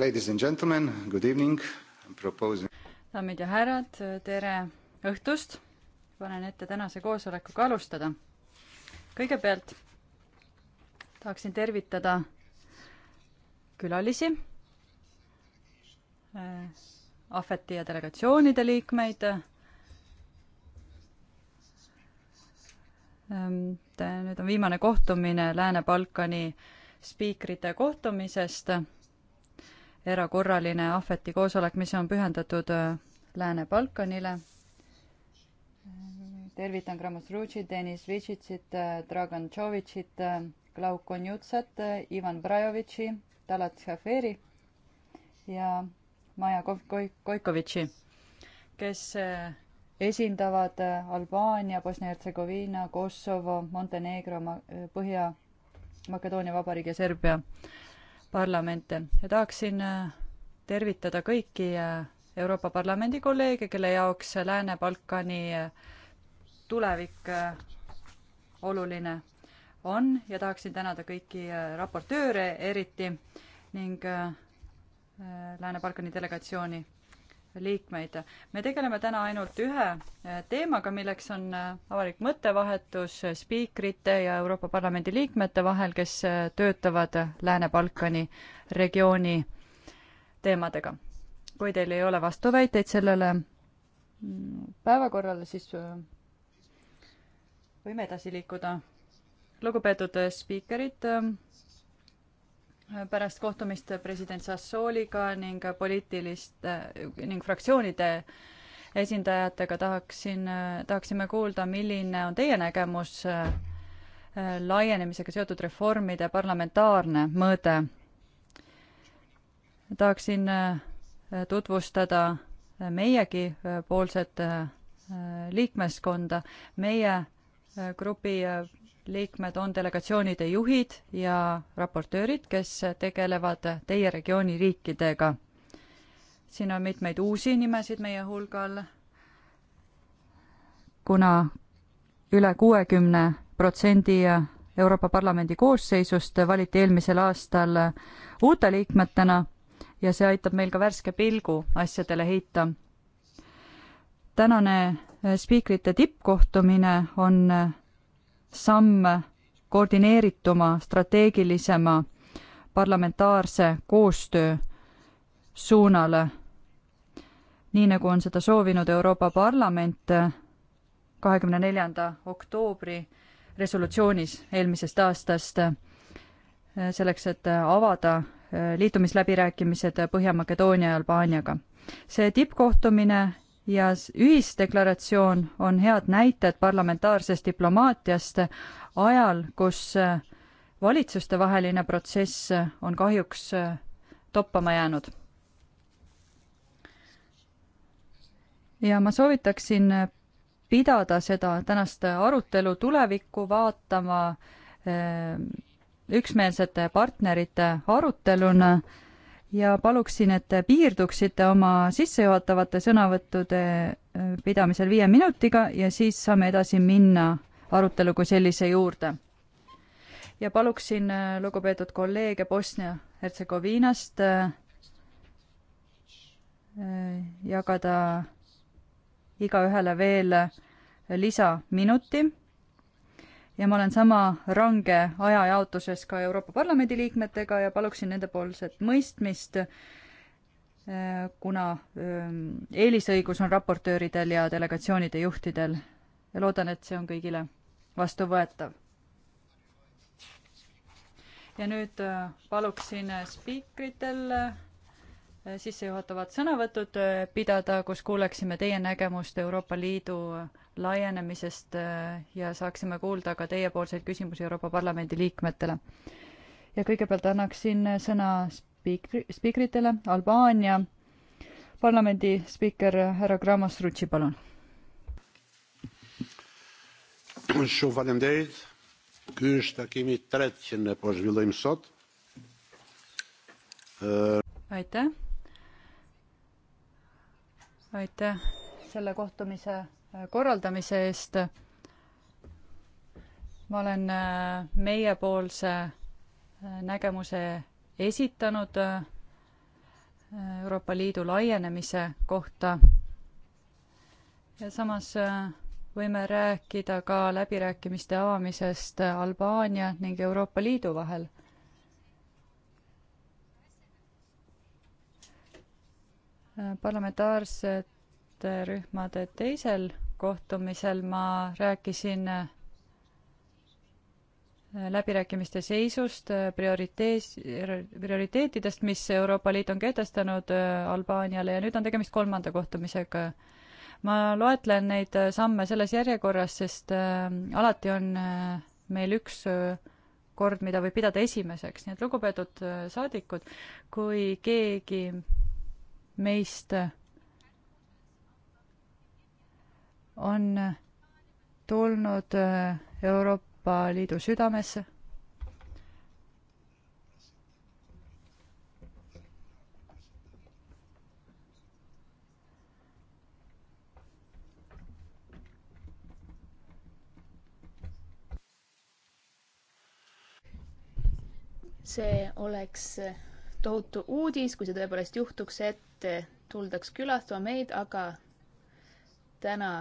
Ladies and gentlemen, good evening. Proposing... daamid ja härrad, tere õhtust. panen ette tänase koosolekuga alustada. kõigepealt tahaksin tervitada külalisi, äh, ahveti ja delegatsioonide liikmeid ähm, nüüd on viimane kohtumine Lääne-Balkani spiikrite kohtumisest erakorraline ahveti koosolek, mis on pühendatud äh, Lääne-Balkanile. tervitan Gramozrutšit, Deniss Vitšitsit, äh, Dragan Tšovitšit, äh, Klauk Konjutsat, Ivan Brajovitši, Talat Šaferi ja Maja Koikovitši, kes esindavad Albaania, Bosnia-Hertsegoviina, Kosovo, Montenegro, Põhja-Makedoonia Vabariigi ja Serbia parlamente ja tahaksin äh, tervitada kõiki äh, Euroopa Parlamendi kolleege, kelle jaoks Lääne-Balkani äh, tulevik oluline on ja tahaksin tänada kõiki raportööre eriti ning Lääne-Balkani delegatsiooni liikmeid. me tegeleme täna ainult ühe eh, teemaga, milleks on eh, avalik mõttevahetus eh, spiikrite ja Euroopa Parlamendi liikmete vahel, kes töötavad Lääne-Balkani regiooni teemadega. kui teil ei ole vastuväiteid sellele mm, päevakorrale, siis võime edasi liikuda. lugupeetud spiikerid pärast kohtumist president Sassooliga ning poliitiliste ning fraktsioonide esindajatega tahaksin, tahaksime kuulda, milline on teie nägemus äh, laienemisega seotud reformide parlamentaarne mõõde. tahaksin äh, tutvustada äh, meiegi poolset liikmeskonda. meie grupi liikmed on delegatsioonide juhid ja raportöörid, kes tegelevad teie regiooni riikidega. siin on mitmeid uusi nimesid meie hulgal, kuna üle kuuekümne protsendi Euroopa Parlamendi koosseisust valiti eelmisel aastal uute liikmetena ja see aitab meil ka värske pilgu asjadele heita. tänane spiikrite tippkohtumine on samm koordineerituma, strateegilisema parlamentaarse koostöö suunale. nii nagu on seda soovinud Euroopa Parlament kahekümne neljanda oktoobri resolutsioonis eelmisest aastast, selleks et avada liitumisläbirääkimised Põhja-Makedoonia ja Albaaniaga. see tippkohtumine ja ühisdeklaratsioon on head näited parlamentaarsest diplomaatiast ajal, kus äh, valitsustevaheline protsess äh, on kahjuks äh, toppama jäänud. ja ma soovitaksin pidada seda tänast arutelu tulevikku vaatama üksmeelsete partnerite aruteluna ja paluksin, et te piirduksite oma sissejuhatavate sõnavõttude äh, pidamisel viie minutiga ja siis saame edasi minna arutelu kui sellise juurde. ja paluksin äh, lugupeetud kolleege Bosnia-Hertsegoviinast äh, jagada igaühele veel lisaminuti ja ma olen sama range ajajaotuses ka Euroopa Parlamendi liikmetega ja paluksin nendepoolset mõistmist, äh, kuna ähm, eelisõigus on raportööridel ja delegatsioonide juhtidel ja loodan, et see on kõigile vastuvõetav. ja nüüd äh, paluksin spiikritel äh, sissejuhatavad sõnavõtud pidada, kus kuuleksime teie nägemust Euroopa Liidu laienemisest äh, ja saaksime kuulda ka teiepoolseid küsimusi Euroopa Parlamendi liikmetele. ja kõigepealt annaksin sõna spiikri, spiikritele, Albaania parlamendi spiiker härra Gramas Rutsi, palun. Shumë falemderit, ky është takimi i tretë që ne po zhvillojmë sot. Aitäh. aitäh selle kohtumise korraldamise eest. ma olen äh, meiepoolse äh, nägemuse esitanud äh, Euroopa Liidu laienemise kohta. ja samas võime rääkida ka läbirääkimiste avamisest Albaania ning Euroopa Liidu vahel parlamentaarsete rühmade teisel kohtumisel ma rääkisin äh, läbirääkimiste seisust, äh, prioritees, prioriteetidest, mis Euroopa Liit on kehtestanud äh, Albaaniale ja nüüd on tegemist kolmanda kohtumisega. ma loetlen neid samme selles järjekorras, sest alati on meil üks kord, mida võib pidada esimeseks, nii et lugupeetud saadikud, kui keegi meist on tulnud äh, Euroopa Liidu südamesse. see oleks äh, tohutu uudis, kui see tõepoolest juhtuks, et äh, tuldaks külastama meid, aga täna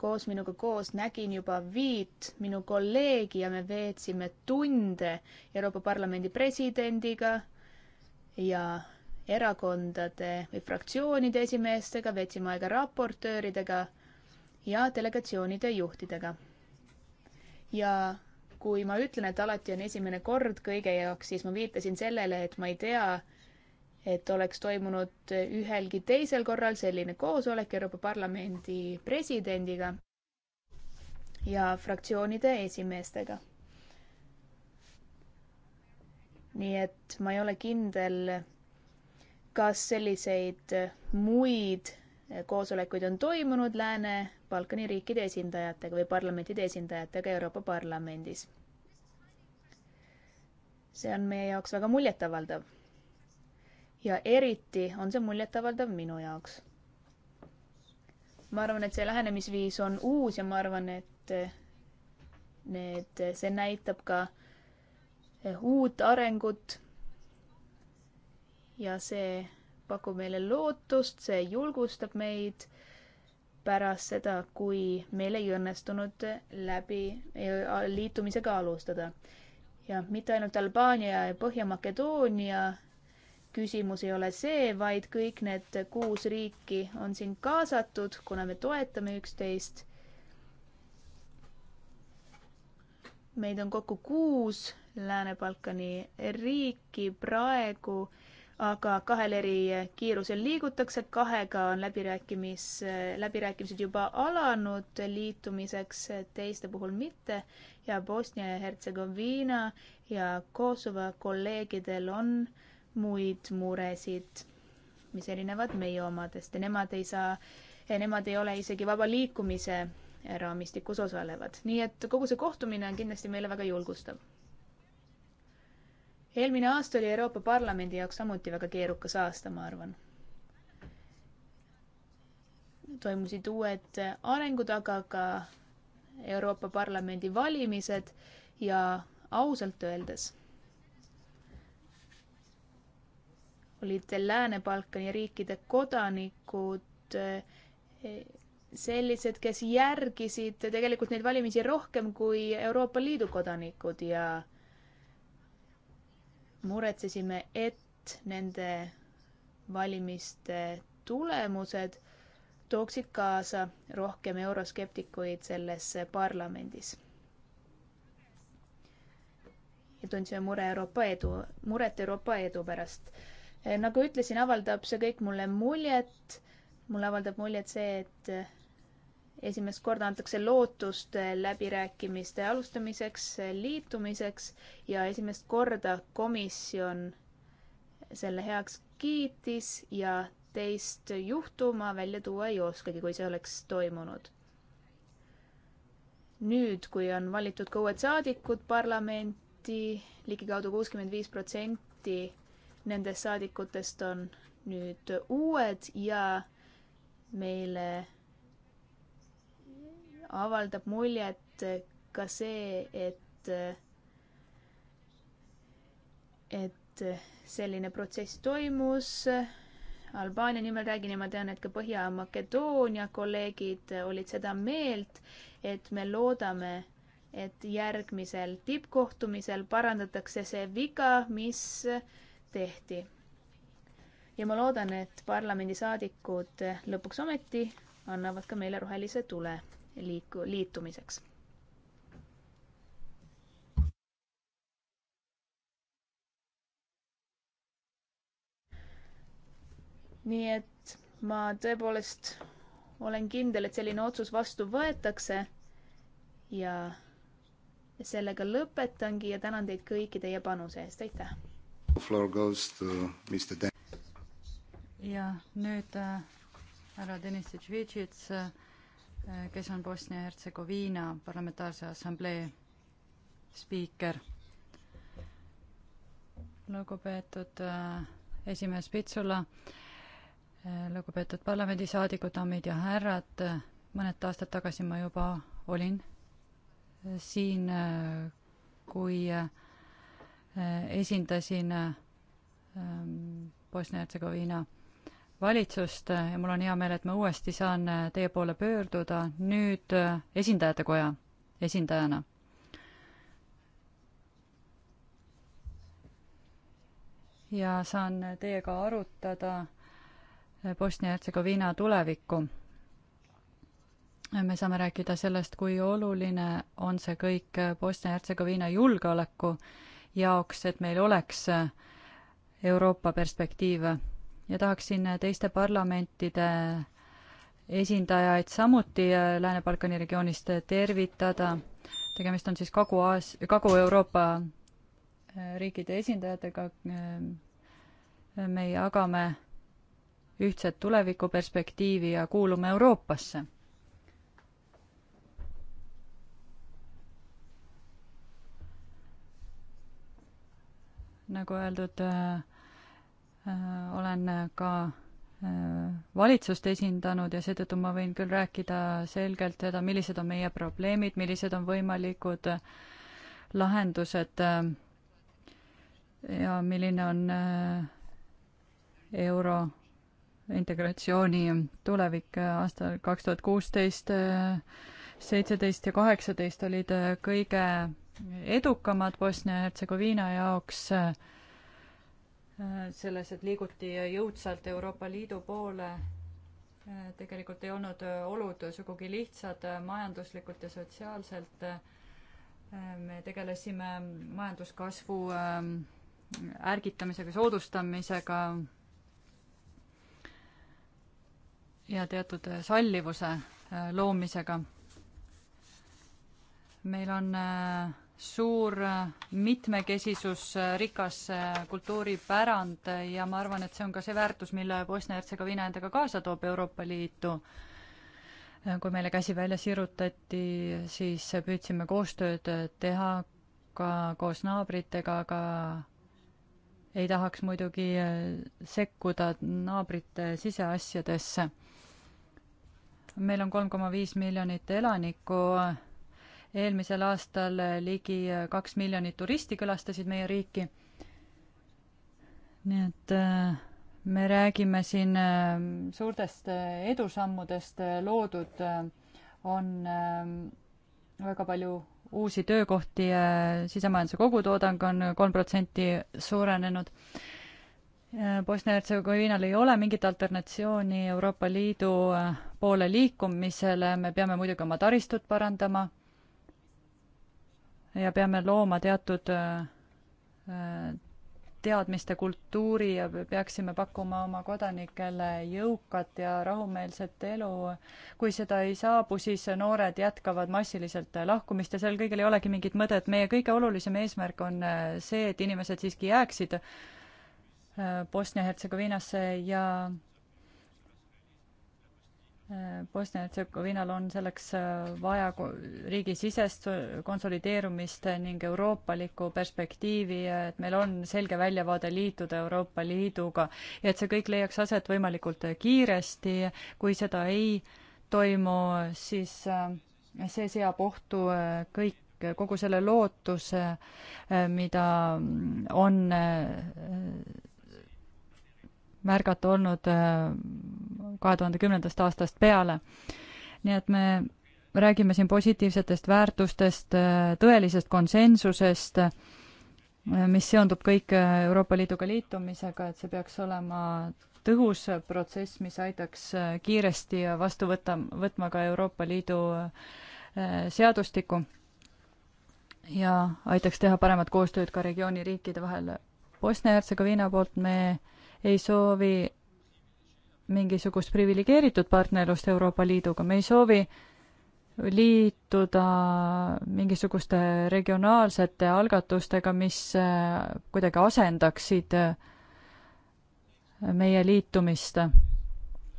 koos minuga koos nägin juba viit minu kolleegi ja me veetsime tunde Euroopa Parlamendi presidendiga ja erakondade või fraktsioonide esimeestega, veetsime aega raportööridega ja delegatsioonide juhtidega. ja kui ma ütlen, et alati on esimene kord kõige jaoks, siis ma viitasin sellele, et ma ei tea, et oleks toimunud ühelgi teisel korral selline koosolek Euroopa Parlamendi presidendiga ja fraktsioonide esimeestega. nii et ma ei ole kindel, kas selliseid muid koosolekuid on toimunud Lääne-Balkani riikide esindajatega või parlamentide esindajatega Euroopa Parlamendis. see on meie jaoks väga muljetavaldav ja eriti on see muljetavaldav minu jaoks. ma arvan, et see lähenemisviis on uus ja ma arvan, et need, see näitab ka eh, uut arengut. ja see pakub meile lootust, see julgustab meid pärast seda, kui meil ei õnnestunud läbi eh, liitumisega alustada. ja mitte ainult Albaania ja Põhja-Makedoonia küsimus ei ole see, vaid kõik need kuus riiki on siin kaasatud, kuna me toetame üksteist. meid on kokku kuus Lääne-Balkani riiki praegu, aga kahel eri kiirusel liigutakse, kahega on läbirääkimis, läbirääkimised juba alanud, liitumiseks teiste puhul mitte ja Bosnia ja Hertsegoviina ja Kosovo kolleegidel on äh, muid muresid, mis erinevad meie omadest ja nemad ei saa, nemad ei ole isegi vaba liikumise raamistikus osalevad. nii et kogu see kohtumine on kindlasti meile väga julgustav. eelmine aasta oli Euroopa Parlamendi jaoks samuti väga keerukas aasta, ma arvan. toimusid uued arengud, aga ka Euroopa Parlamendi valimised ja ausalt öeldes olid Lääne-Balkani riikide kodanikud eh, sellised, kes järgisid tegelikult neid valimisi rohkem kui Euroopa Liidu kodanikud ja muretsesime, et nende valimiste tulemused tooksid kaasa rohkem euroskeptikuid selles parlamendis. ja tundsime mure Euroopa edu, muret Euroopa edu pärast Eh, nagu ütlesin, avaldab see kõik mulle muljet. mulle avaldab muljet see, et eh, esimest korda antakse lootust eh, läbirääkimiste alustamiseks, liitumiseks ja esimest korda komisjon selle heaks kiitis ja teist juhtu ma välja tuua ei oskagi, kui see oleks toimunud. nüüd, kui on valitud ka uued saadikud parlamenti, ligikaudu kuuskümmend viis protsenti nendest saadikutest on nüüd uued ja meile avaldab muljet ka see, et, et selline protsess toimus. Albaania nimel räägin ja ma tean, et ka Põhja-Makedoonia kolleegid olid seda meelt, et me loodame, et järgmisel tippkohtumisel parandatakse see viga, mis tehti. ja ma loodan, et parlamendisaadikud lõpuks ometi annavad ka meile rohelise tule liiku-, liitumiseks nii et ma tõepoolest olen kindel, et selline otsus vastu võetakse. ja sellega lõpetangi ja tänan teid kõiki teie panuse eest, aitäh! ja nüüd äh, härra Deniss Tšvitšits, äh, kes on Bosnia-Hertsegoviina Parlamentaarse Assamblee spiiker. lugupeetud äh, esimees Pitsula, lugupeetud parlamendisaadikud, daamid ja härrad, mõned aastad tagasi ma juba olin siin, kui äh, Äh, esindasin ähm, Bosnia-Hertsegoviina valitsust äh, ja mul on hea meel, et ma uuesti saan äh, teie poole pöörduda nüüd esindajate koja esindajana. ja saan teiega arutada Bosnia-Hertsegoviina tulevikku. me saame rääkida sellest, kui oluline on see kõik Bosnia-Hertsegoviina julgeoleku äh, jaoks, et meil oleks äh, Euroopa perspektiiv ja tahaksin äh, teiste parlamentide esindajaid samuti äh, Lääne-Balkani regioonist tervitada. tegemist on siis Kagu-Aas-, Kagu-Euroopa riikide esindajatega. me jagame ühtset tulevikuperspektiivi ja kuulume Euroopasse nagu öeldud, äh, äh, olen ka äh, valitsust esindanud ja seetõttu ma võin küll rääkida selgelt seda, millised on meie probleemid, millised on võimalikud lahendused ja milline on euro integratsiooni tulevik aastal kaks tuhat kuusteist, seitseteist ja kaheksateist olid kõige edukamad Bosnia-Hertsegoviina jaoks äh, selles, et liiguti jõudsalt Euroopa Liidu poole. Äh, tegelikult ei olnud äh, olud sugugi lihtsad majanduslikult ja sotsiaalselt. me tegelesime majanduskasvu ärgitamisega, soodustamisega ja teatud sallivuse loomisega meil on äh, suur äh, mitmekesisus, äh, rikas kultuuripärand ja ma arvan, et see on ka see väärtus, mille Bosnia-Hertsegoviina endaga kaasa toob Euroopa Liitu. kui meile käsi välja sirutati, siis püüdsime koostööd teha ka koos naabritega, aga ei tahaks muidugi sekkuda naabrite siseasjadesse. meil on kolm koma viis miljonit elanikku eelmisel aastal ligi kaks miljonit turisti külastasid meie riiki. nii et äh, me räägime siin äh, suurtest äh, edusammudest, loodud on väga palju uusi töökohti, sisemajanduse kogutoodang on kolm protsenti suurenenud Bosnia-Hertsegoviinal ei ole mingit alternatsiooni Euroopa Liidu poole liikumisele, me peame muidugi oma taristut parandama, ja peame looma teatud äh, äh, teadmiste kultuuri ja peaksime pakkuma oma kodanikele jõukat ja rahumeelset elu. kui seda ei saabu, siis noored jätkavad massiliselt lahkumist ja sel kõigil ei olegi mingit mõtet. meie kõige olulisem eesmärk on äh, see, et inimesed siiski jääksid Bosnia-Hertsegoviinasse ja Bosnia-Hertsegoviinal on selleks äh, vaja riigisisest äh, konsolideerumist ning euroopalikku perspektiivi, äh, et meil on selge väljavaade liituda Euroopa Liiduga ja et see kõik leiaks aset võimalikult kiiresti. kui seda ei toimu, siis see seab ohtu kõik, kogu selle lootuse, mida mm, on märgata olnud äh, kahe tuhande kümnendast aastast peale. nii et me räägime siin positiivsetest väärtustest, äh, tõelisest konsensusest, äh, mis seondub kõik Euroopa Liiduga liitumisega, et see peaks olema tõhus protsess, mis aitaks kiiresti vastu võtta, võtma ka Euroopa Liidu seadustikku ja aitaks teha paremat koostööd ka regiooni riikide vahel. Bosnia-Hertsegoviina poolt me äh, ei soovi mingisugust priviligeeritud partnerlust Euroopa Liiduga, me ei soovi liituda mingisuguste regionaalsete algatustega, mis äh, kuidagi asendaksid äh, meie liitumist.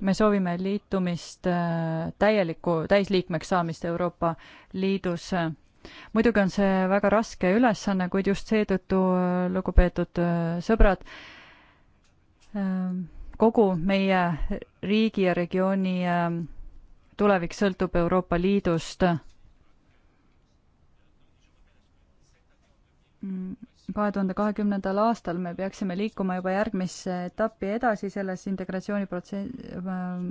me soovime liitumist äh, täielikku, täisliikmeks saamist Euroopa Liidus. muidugi on see väga raske ülesanne, kuid just seetõttu, lugupeetud sõbrad, Ähm, kogu meie riigi ja regiooni ähm, tulevik sõltub Euroopa Liidust. Mm, kahe tuhande kahekümnendal aastal me peaksime liikuma juba järgmisse etappi edasi selles integratsiooniprotsess, ähm,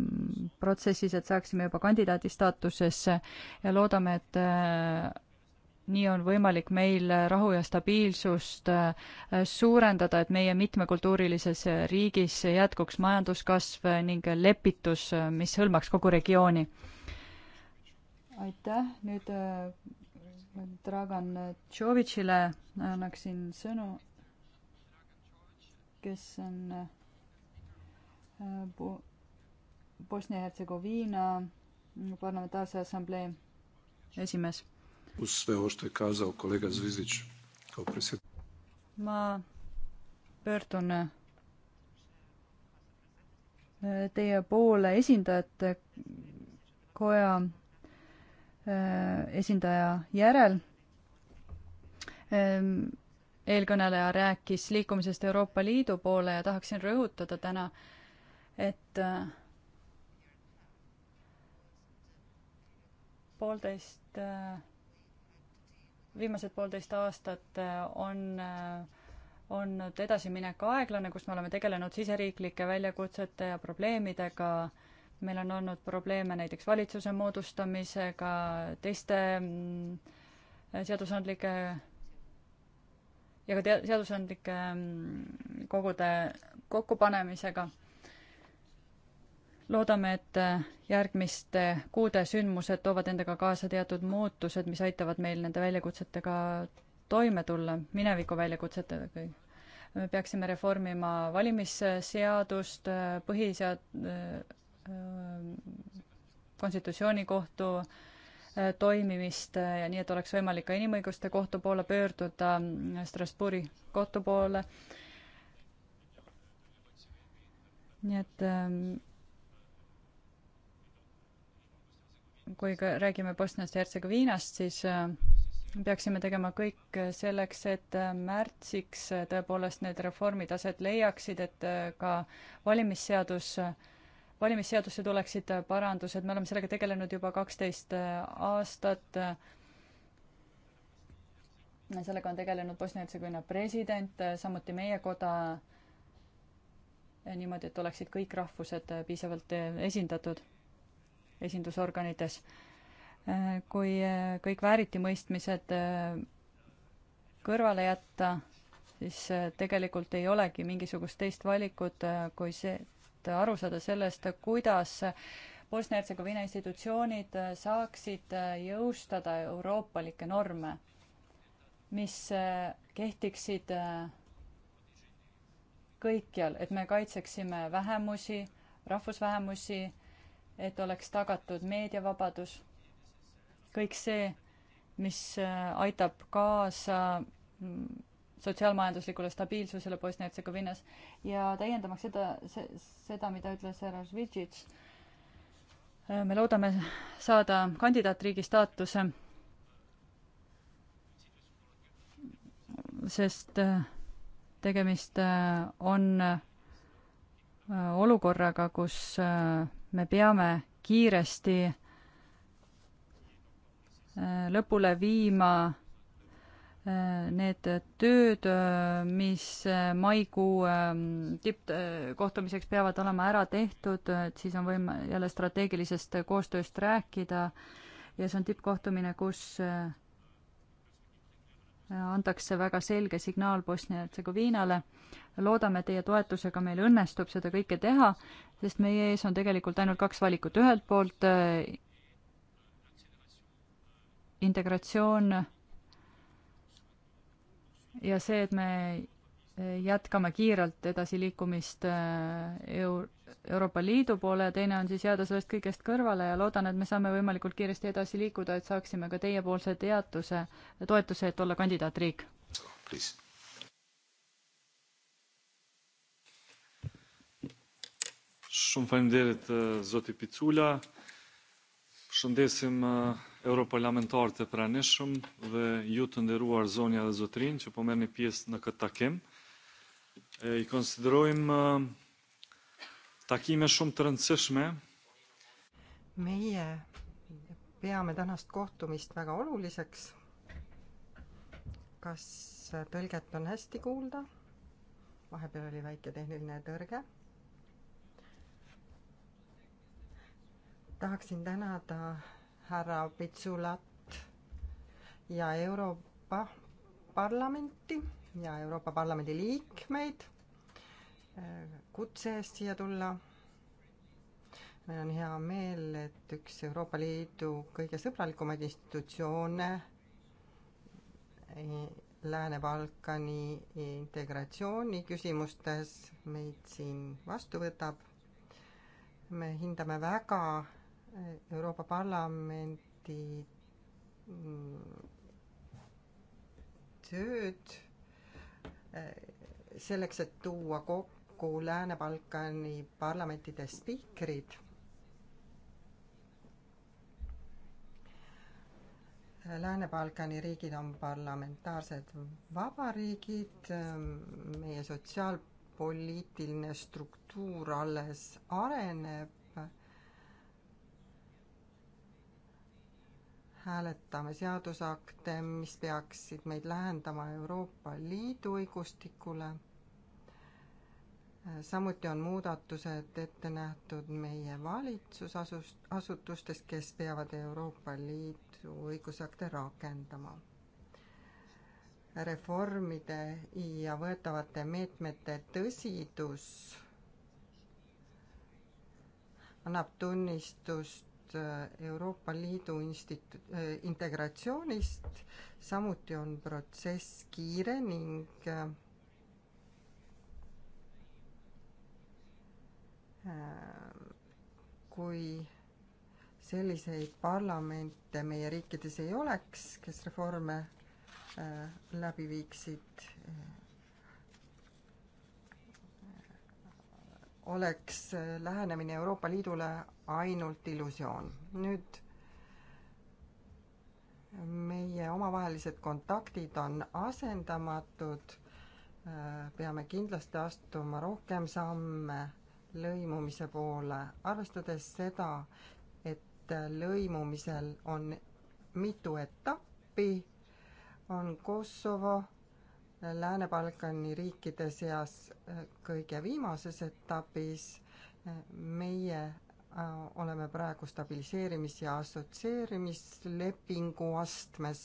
protsessis, et saaksime juba kandidaadi staatusesse ja loodame, et äh, nii on võimalik meil rahu ja stabiilsust äh, suurendada, et meie mitmekultuurilises riigis jätkuks majanduskasv ning lepitus, äh, mis hõlmaks kogu regiooni. aitäh, nüüd äh, Dragan Tšovitšile annaksin sõnu, kes on Bosnia-Hertsegoviina parlamentaarse assamblee esimees uz sve ovo što je kazao kolega Zvizić kao predsjednik. Ma pöördun e, teie poole esindajate koja e, esindaja järel. E, eelkõneleja rääkis liikumisest Euroopa Liidu poole ja tahaksin rõhutada täna, et poolteist viimased poolteist aastat äh, on äh, olnud edasiminek aeglane, kus me oleme tegelenud siseriiklike väljakutsete ja probleemidega. meil on olnud probleeme näiteks valitsuse moodustamisega, teiste mm, seadusandlike ja ka te-, seadusandlike mm, kogude kokkupanemisega loodame, et äh, järgmiste kuude sündmused toovad endaga kaasa teatud muutused, mis aitavad meil nende väljakutsetega toime tulla, mineviku väljakutsetega kõik. me peaksime reformima valimisseadust, äh, põhisead-, äh, konstitutsioonikohtu toimimist ja nii, et oleks võimalik ka inimõiguste kohtu poole pöörduda, Strasbourgi kohtu poole. nii et ähm, kui räägime Bosniast ja Hertsegoviinast, siis äh, peaksime tegema kõik selleks, et äh, märtsiks äh, tõepoolest need reformid aset leiaksid, et ka valimisseadus, valimisseadusse tuleksid parandused, me oleme sellega tegelenud juba kaksteist aastat. sellega on tegelenud Bosnia-Hertsegoviina president, samuti meie koda, niimoodi, et oleksid kõik rahvused piisavalt esindatud esindusorganites. kui äh, kõik vääritimõistmised äh, kõrvale jätta, siis äh, tegelikult ei olegi mingisugust teist valikut kui see, et aru saada sellest, kuidas Bosnia-Hertsegoviina institutsioonid saaksid jõustada euroopalikke norme, mis kehtiksid kõikjal, et me kaitseksime vähemusi, rahvusvähemusi, et oleks tagatud meediavabadus, kõik see, mis äh, aitab kaasa mm, sotsiaalmajanduslikule stabiilsusele Bosnia-Hertsegoviinas ja täiendamaks seda, seda, mida ütles härra Zvitšits, äh, me loodame saada kandidaatriigi staatuse, sest äh, tegemist on olukorraga, kus me peame kiiresti äh, lõpule viima äh, need tööd, äh, mis maikuu ähm, tippkohtumiseks peavad olema ära tehtud, et siis on võim-, jälle strateegilisest koostööst rääkida ja see on tippkohtumine, kus antakse väga selge signaal Bosnia-Hertsegoviinale. loodame teie toetusega meil õnnestub seda kõike teha, sest meie ees on tegelikult ainult kaks valikut, ühelt poolt äh, integratsioon ja see, et me äh, jätkame kiirelt edasiliikumist äh, eu-, Euroopa Liidu poole ja teine on siis jääda sellest kõigest kõrvale ja loodan, et me saame võimalikult kiiresti edasi liikuda, et saaksime ka teiepoolse teatuse, toetuse, et olla kandidaatriik. Shumë faleminderit eh, zoti Picula. Shëndesim eh, europarlamentarët e pranishëm dhe ju të nderuar zonja dhe zotrinj që po merrni pjesë në këtë takim. E, I konsiderojmë eh, takime shumë të rëndësishme. meie peame tänast kohtumist väga oluliseks. kas tõlget on hästi kuulda? vahepeal oli väike tehniline tõrge. tahaksin tänada härra Pitsulat ja Euroopa Parlamenti ja Euroopa Parlamendi liikmeid kutse eest siia tulla. meil on hea meel, et üks Euroopa Liidu kõige sõbralikumaid institutsioone eh, Lääne-Balkani integratsiooni küsimustes meid siin vastu võtab. me hindame väga eh, Euroopa Parlamendi mm, tööd eh, selleks, et tuua kokku nõukogu Lääne-Balkani parlamentide spiikrid Lääne-Balkani riigid on parlamentaarsed vabariigid, meie sotsiaalpoliitiline struktuur alles areneb. hääletame seadusakte, mis peaksid meid lähendama Euroopa Liidu õigustikule samuti on muudatused ette nähtud meie valitsusasus, asutustes, kes peavad Euroopa Liidu õigusakte rakendama. reformide ja võetavate meetmete tõsidus annab tunnistust äh, Euroopa Liidu institu-, äh, integratsioonist, samuti on protsess kiire ning äh, Äh, kui selliseid parlamente meie riikides ei oleks, kes reforme äh, läbi viiksid, äh, oleks lähenemine Euroopa Liidule ainult illusioon. nüüd meie omavahelised kontaktid on asendamatud, peame kindlasti astuma rohkem samme lõimumise poole, arvestades seda, et lõimumisel on mitu etappi, on Kosovo Lääne-Balkani riikide seas äh, kõige viimases etapis. meie äh, oleme praegu stabiliseerimis- ja assotsieerimislepingu astmes.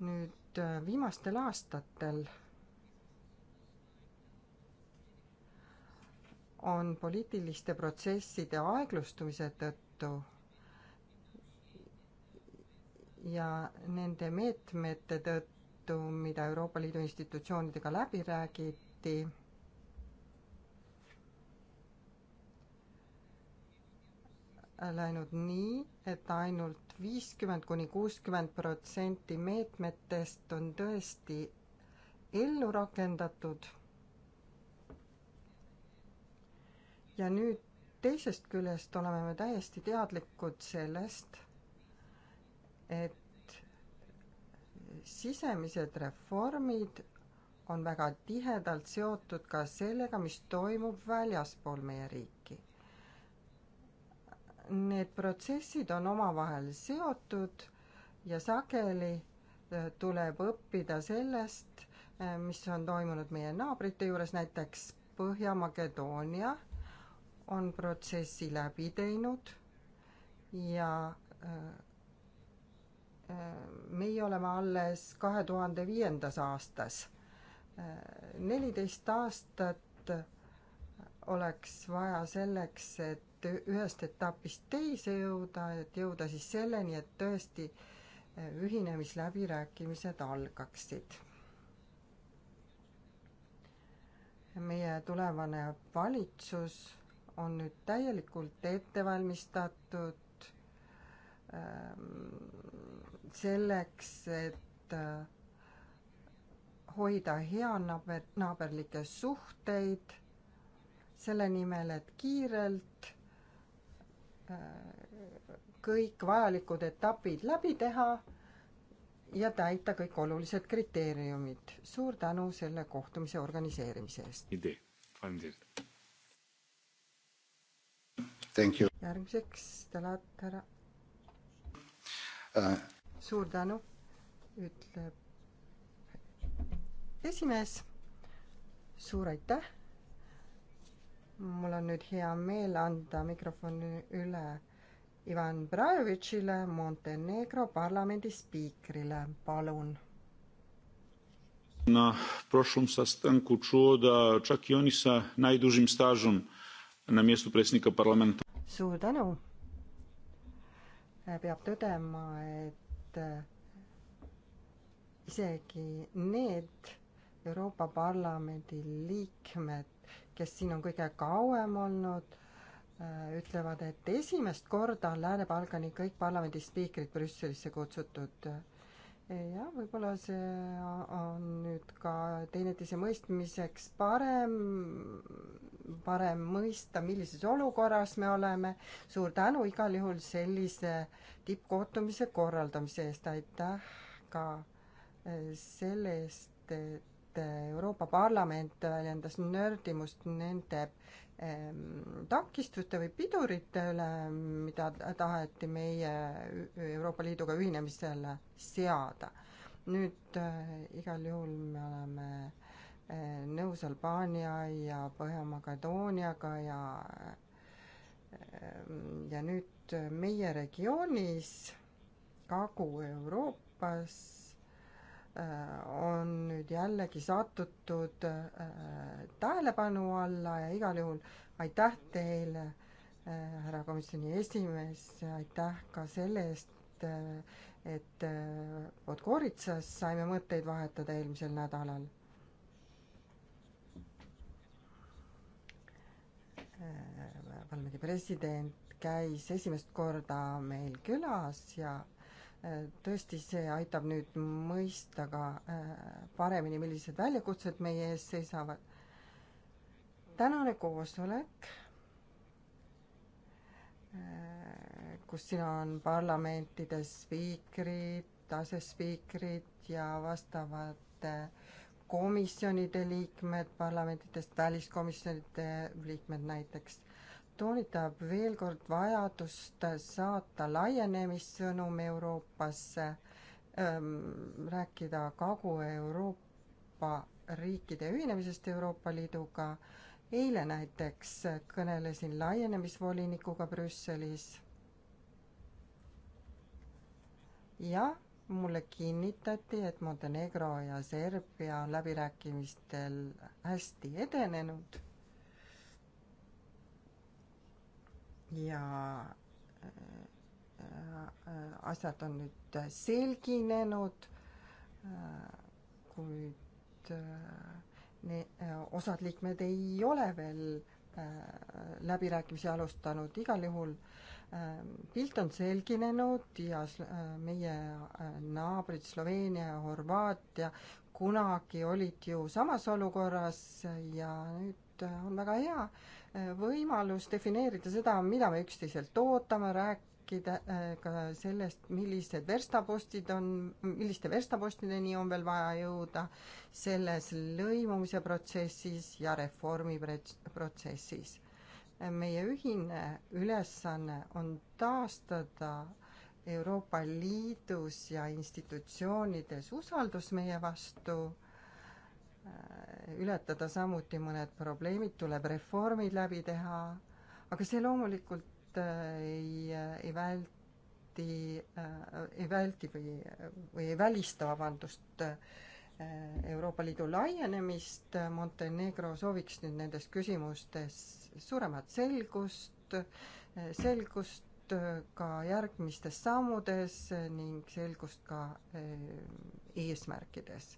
nüüd äh, viimastel aastatel on poliitiliste protsesside aeglustumise tõttu ja nende meetmete tõttu, mida Euroopa Liidu institutsioonidega läbi räägiti, läinud nii, et ainult viiskümmend kuni kuuskümmend protsenti meetmetest on tõesti ellu rakendatud ja nüüd teisest küljest oleme me täiesti teadlikud sellest, et sisemised reformid on väga tihedalt seotud ka sellega, mis toimub väljaspool meie riiki. Need protsessid on omavahel seotud ja sageli äh, tuleb õppida sellest, äh, mis on toimunud meie naabrite juures, näiteks Põhja-Makedoonia on protsessi läbi teinud ja äh, äh, meie oleme alles kahe tuhande viiendas aastas. Äh, neliteist aastat oleks vaja selleks, et ühest etapist teise jõuda, et jõuda siis selleni, et tõesti ühinemisläbirääkimised algaksid. meie tulevane valitsus on nüüd täielikult ette valmistatud ähm, selleks, et äh, hoida hea naaber, naaberlikke suhteid selle nimel, et kiirelt äh, kõik vajalikud etapid läbi teha ja täita kõik olulised kriteeriumid. suur tänu selle kohtumise organiseerimise eest. idee, valmis järgmiseks Talat härra uh.. suur tänu, ütleb esimees. suur aitäh. mul on nüüd hea meel anda mikrofon üle Ivan Brajevitšile, Montenegro parlamendi spiikrile, palun na prošlom sastanku čuo da čak i oni sa najdužim stažom na mjestu predsjednika parlamenta suur tänu. Äh, peab tõdema, et äh, isegi need Euroopa Parlamendi liikmed, kes siin on kõige kauem olnud, äh, ütlevad, et esimest korda on Lääne-Balkani kõik parlamendi spiikrid Brüsselisse kutsutud jah, võib-olla see on nüüd ka teineteise mõistmiseks parem, parem mõista, millises olukorras me oleme. suur tänu igal juhul sellise tippkohtumise korraldamise eest, aitäh ka eh, selle eest, et Euroopa Parlament väljendas nördimust nende Ehm, takistuste või pidurite üle, mida taheti meie Euroopa Liiduga ühinemisele seada. nüüd äh, igal juhul me oleme äh, nõus Albaania ja Põhja-Makedooniaga ja äh, ja nüüd meie regioonis Kagu-Euroopas Äh, on nüüd jällegi satutud äh, tähelepanu alla ja igal juhul aitäh teile, äh, härra komisjoni esimees, aitäh ka selle eest, et Podgoritsas saime mõtteid vahetada eelmisel nädalal. Valmedi president käis esimest korda meil külas ja Äh, tõesti, see aitab nüüd mõista ka äh, paremini, millised väljakutsed meie ees seisavad. tänane koosolek, äh, kus sina on parlamentide spiikrid, asespiikrid ja vastavad komisjonide liikmed parlamentidest, väliskomisjonide liikmed näiteks toonitab veel kord vajadust saata laienemissõnum Euroopasse, ähm, rääkida Kagu-Euroopa riikide ühinemisest Euroopa Liiduga. eile näiteks kõnelesin laienemisvolinikuga Brüsselis. jah, mulle kinnitati, et Montenegro ja Serbia on läbirääkimistel hästi edenenud ja äh, äh, asjad on nüüd selginenud, äh, kuid ne-, osad liikmed ei ole veel läbirääkimisi alustanud, igal juhul pilt on selginenud ja meie naabrid Sloveenia ja Horvaatia kunagi olid ju samas olukorras ja nüüd Äh, on väga hea äh, võimalus defineerida seda, mida me üksteiselt ootame, rääkida äh, ka sellest, millised verstapostid on, milliste verstapostideni on veel vaja jõuda selles lõimumise protsessis ja reformi protsessis. meie ühine ülesanne on taastada Euroopa Liidus ja institutsioonides usaldus meie vastu Äh, ületada samuti mõned probleemid, tuleb reformid läbi teha, aga see loomulikult äh, ei, äh, ei välti, ei välti või, või ei välista, vabandust, Euroopa Liidu laienemist, Montenegro sooviks nüüd nendes küsimustes suuremat selgust, selgust selgust äh, ka järgmistes sammudes äh, ning selgust ka äh, eesmärkides.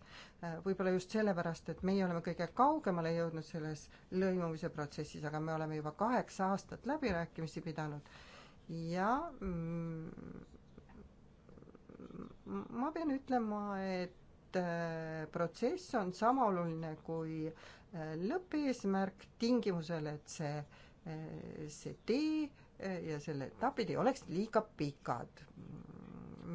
võib-olla just sellepärast, et meie oleme kõige kaugemale jõudnud selles lõimumise protsessis, aga me oleme juba kaheksa aastat läbirääkimisi pidanud ja mm, ma pean ütlema, et protsess on sama oluline kui lõppeesmärk tingimusel, et see, see tee ja selle etapid ei oleks liiga pikad,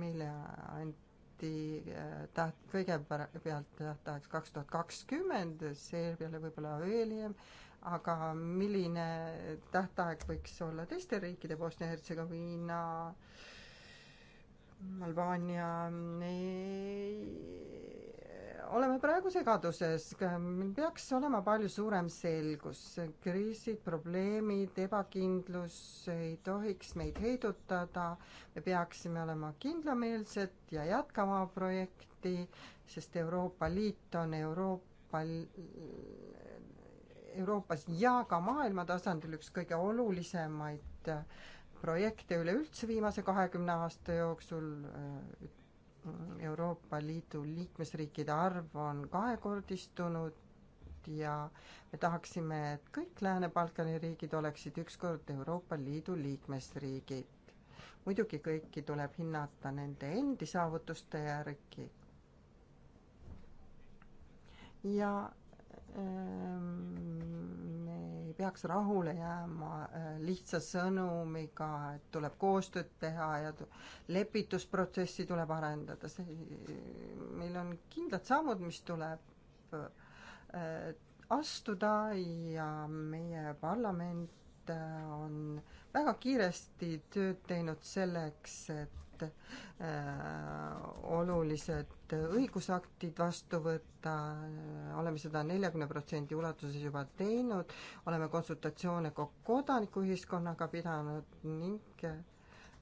mille anti äh, taht-, kõigepealt tähtajaks kaks tuhat kakskümmend, Serbiale võib-olla veel hiljem, aga milline tähtaeg võiks olla teiste riikide, Bosnia-Hertsegoviina, Albaania ei oleme praegu segaduses, meil peaks olema palju suurem selgus, kriisid, probleemid, ebakindlus ei tohiks meid heidutada, me peaksime olema kindlameelsed ja jätkama projekti, sest Euroopa Liit on Euroopa, Euroopas ja ka maailma tasandil üks kõige olulisemaid projekte üleüldse viimase kahekümne aasta jooksul, Euroopa Liidu liikmesriikide arv on kahekordistunud ja me tahaksime, et kõik Lääne-Balkani riigid oleksid ükskord Euroopa Liidu liikmesriigid. muidugi kõiki tuleb hinnata nende endi saavutuste järgi. ja ähm, peaks rahule jääma äh, lihtsa sõnumiga, et tuleb koostööd teha ja lepitusprotsessi tuleb arendada, see, meil on kindlad sammud, mis tuleb äh, astuda ja meie parlament äh, on väga kiiresti tööd teinud selleks, et et äh, olulised õigusaktid vastu võtta, oleme seda neljakümne protsendi ulatuses juba teinud, oleme konsultatsioone ka kodanikuühiskonnaga pidanud ning äh,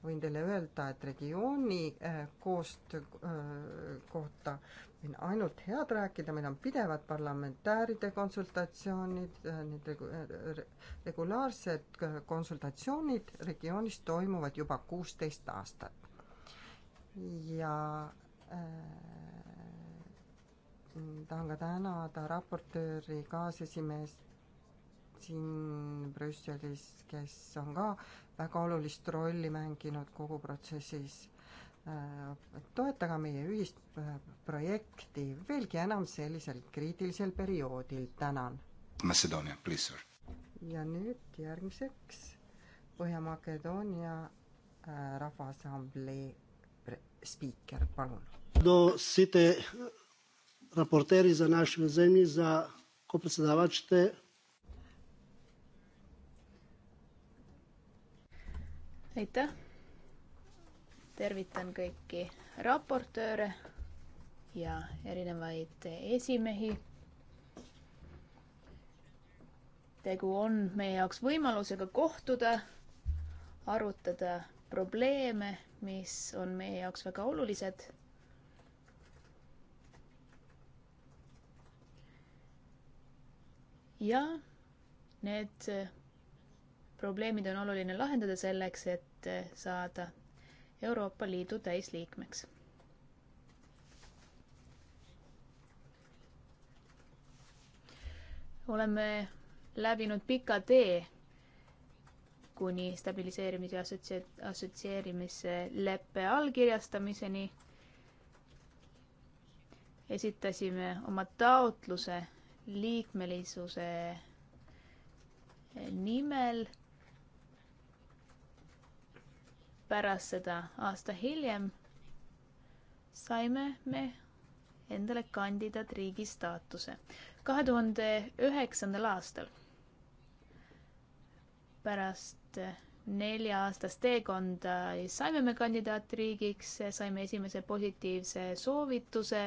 võin teile öelda, et regiooni äh, koostöö kohta võin ainult head rääkida, meil on pidevad parlamentääride konsultatsioonid, need regu-, regulaarsed konsultatsioonid regioonis toimuvad juba kuusteist aastat ja äh, tahan ka tänada raportööri kaasesimeest siin Brüsselis, kes on ka väga olulist rolli mänginud kogu protsessis äh,. toetage meie ühist äh, projekti veelgi enam sellisel kriitilisel perioodil, tänan. Macedonia, please sir. ja nüüd järgmiseks Põhja-Makedoonia äh, Rahvaassamblee spiiker, palun. do site raporteeri za naše zemlji, za kopredsedavačite. aitäh. tervitan kõiki raportööre ja erinevaid esimehi. tegu on meie jaoks võimalusega kohtuda, arutada probleeme, mis on meie jaoks väga olulised. ja need probleemid on oluline lahendada selleks, et saada Euroopa Liidu täisliikmeks. oleme läbinud pika tee kuni stabiliseerimise assotsie-, assotsieerimisleppe allkirjastamiseni. esitasime oma taotluse liikmelisuse nimel. pärast seda aasta hiljem saime me endale kandidaatriigi staatuse kahe tuhande üheksandal aastal pärast et nelja-aastast teekonda saime me kandidaatriigiks, saime esimese positiivse soovituse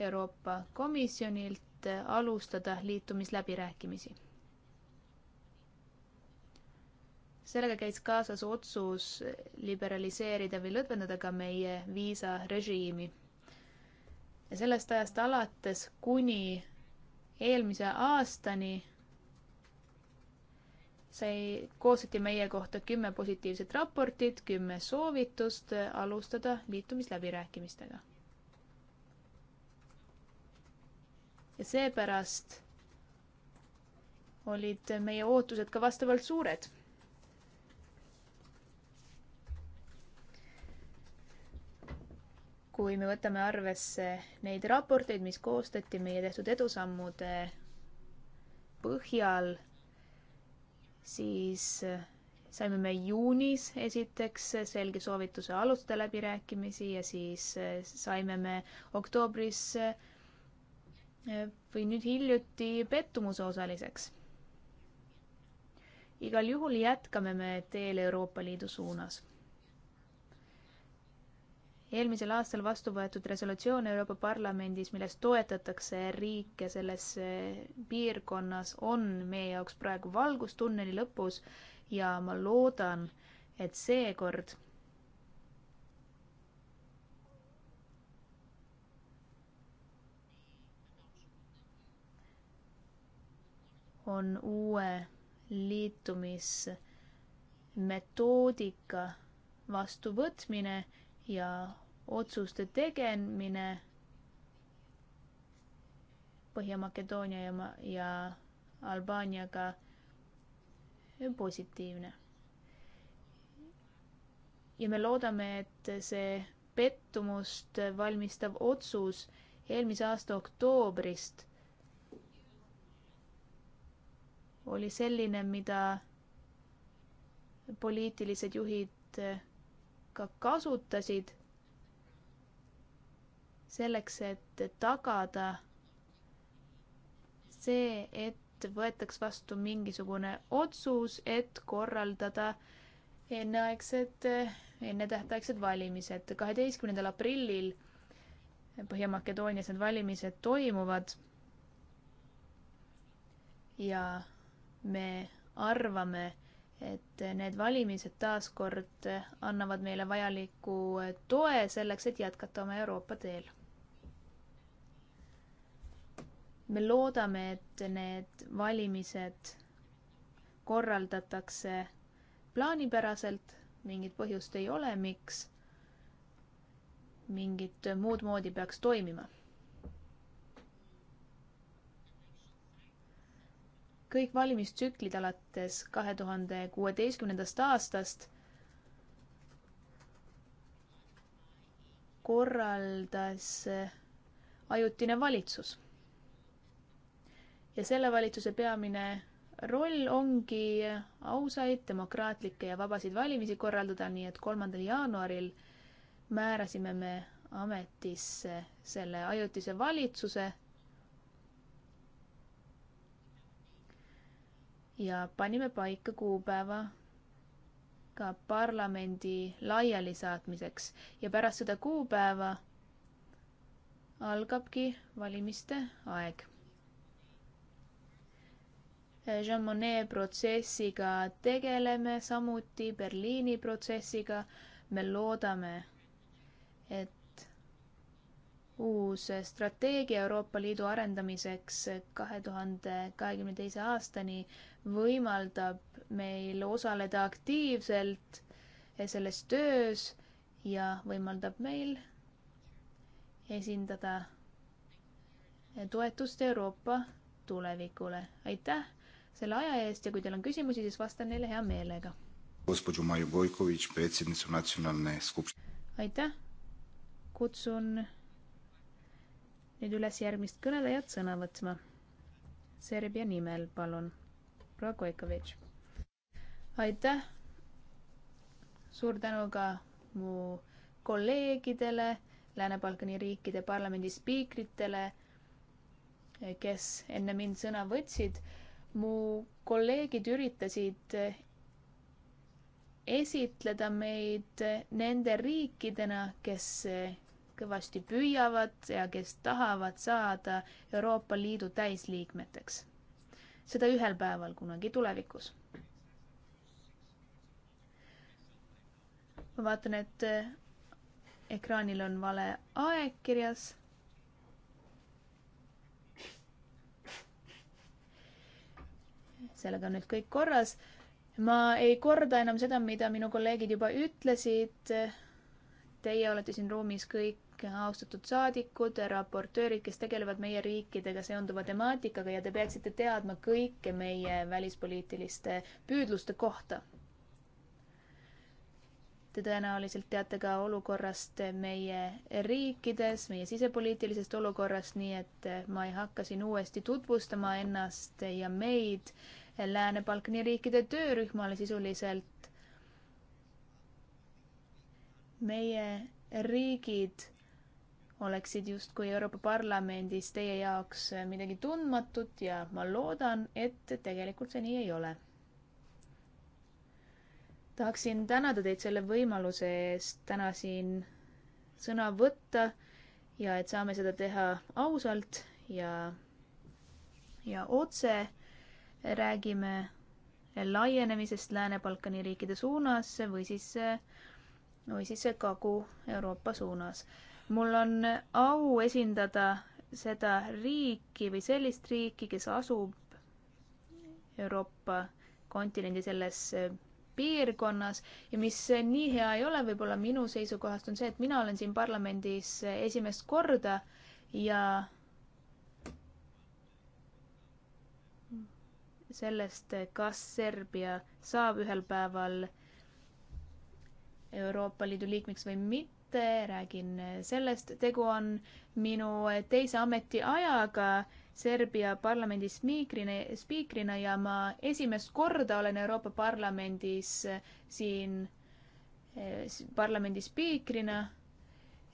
Euroopa Komisjonilt alustada liitumisläbirääkimisi. sellega käis kaasas otsus liberaliseerida või lõdvendada ka meie viisarežiimi. ja sellest ajast alates kuni eelmise aastani sai, koostati meie kohta kümme positiivset raportit, kümme soovitust äh, alustada liitumisläbirääkimistega. ja seepärast olid meie ootused ka vastavalt suured. kui me võtame arvesse neid raporteid, mis koostati meie tehtud edusammude põhjal siis äh, saime me juunis esiteks selge soovituse alustada läbirääkimisi ja siis äh, saime me oktoobris äh, või nüüd hiljuti pettumuse osaliseks. igal juhul jätkame me teel Euroopa Liidu suunas eelmisel aastal vastu võetud resolutsioon Euroopa Parlamendis, milles toetatakse riike selles eh, piirkonnas, on meie jaoks praegu valgustunneli lõpus ja ma loodan, et seekord on uue liitumismetoodika vastuvõtmine ja otsuste tegemine Põhja-Makedoonia ja, ja Albaaniaga positiivne. ja me loodame, et see pettumust valmistav otsus eelmise aasta oktoobrist oli selline, mida poliitilised juhid ka kasutasid selleks, et tagada see, et võetaks vastu mingisugune otsus, et korraldada enneaegsed, ennetähtaegsed valimised. kaheteistkümnendal aprillil Põhja-Makedoonias need valimised toimuvad. ja me arvame, et need valimised taaskord annavad meile vajaliku toe selleks, et jätkata oma Euroopa teel. me loodame, et need valimised korraldatakse plaanipäraselt, mingit põhjust ei ole, miks mingit muud moodi peaks toimima kõik valimistsüklid alates kahe tuhande kuueteistkümnendast aastast korraldas ajutine valitsus. ja selle valitsuse peamine roll ongi ausaid, demokraatlikke ja vabasid valimisi korraldada, nii et kolmandal jaanuaril määrasime me ametisse selle ajutise valitsuse ja panime paika kuupäeva ka parlamendi laialisaatmiseks ja pärast seda kuupäeva algabki valimiste aeg. Jean Monnet protsessiga tegeleme, samuti Berliini protsessiga. me loodame, et uus strateegia Euroopa Liidu arendamiseks kahe tuhande kahekümne teise aastani võimaldab meil osaleda aktiivselt eh, selles töös ja võimaldab meil esindada eh, toetust Euroopa tulevikule. aitäh selle aja eest ja kui teil on küsimusi, siis vastan neile hea meelega. aitäh, kutsun nüüd üles järgmist kõnelejat sõna võtma. Serbia nimel, palun Rakoikovitš. aitäh. suur tänu ka mu kolleegidele, Lääne-Balkani riikide parlamendi spiikritele, kes enne mind sõna võtsid. mu kolleegid üritasid esitleda meid nende riikidena, kes kõvasti püüavad ja kes tahavad saada Euroopa Liidu täisliikmeteks seda ühel päeval kunagi tulevikus. ma vaatan, et eh, ekraanil on vale aeg kirjas. sellega on nüüd kõik korras. ma ei korda enam seda, mida minu kolleegid juba ütlesid. Teie olete siin ruumis kõik austatud saadikud, raportöörid, kes tegelevad meie riikidega seonduva temaatikaga ja te peaksite teadma kõike meie välispoliitiliste püüdluste kohta. Te tõenäoliselt teate ka olukorrast meie riikides, meie sisepoliitilisest olukorrast, nii et ma ei hakka siin uuesti tutvustama ennast ja meid Lääne-Balkani riikide töörühmale sisuliselt. meie riigid oleksid justkui Euroopa Parlamendis teie jaoks midagi tundmatut ja ma loodan, et tegelikult see nii ei ole. tahaksin tänada teid selle võimaluse eest täna siin sõna võtta ja et saame seda teha ausalt ja, ja otse. räägime laienemisest Lääne-Balkani riikide suunas või siis, või siis Kagu-Euroopa suunas mul on au esindada seda riiki või sellist riiki, kes asub Euroopa kontinendi selles piirkonnas ja mis nii hea ei ole võib-olla minu seisukohast, on see, et mina olen siin parlamendis esimest korda ja sellest, kas Serbia saab ühel päeval Euroopa Liidu liikmeks või mitte, ette, räägin sellest, tegu on minu teise ametiajaga Serbia parlamendis spiikrina, spiikrina ja ma esimest korda olen Euroopa Parlamendis siin eh, parlamendi spiikrina.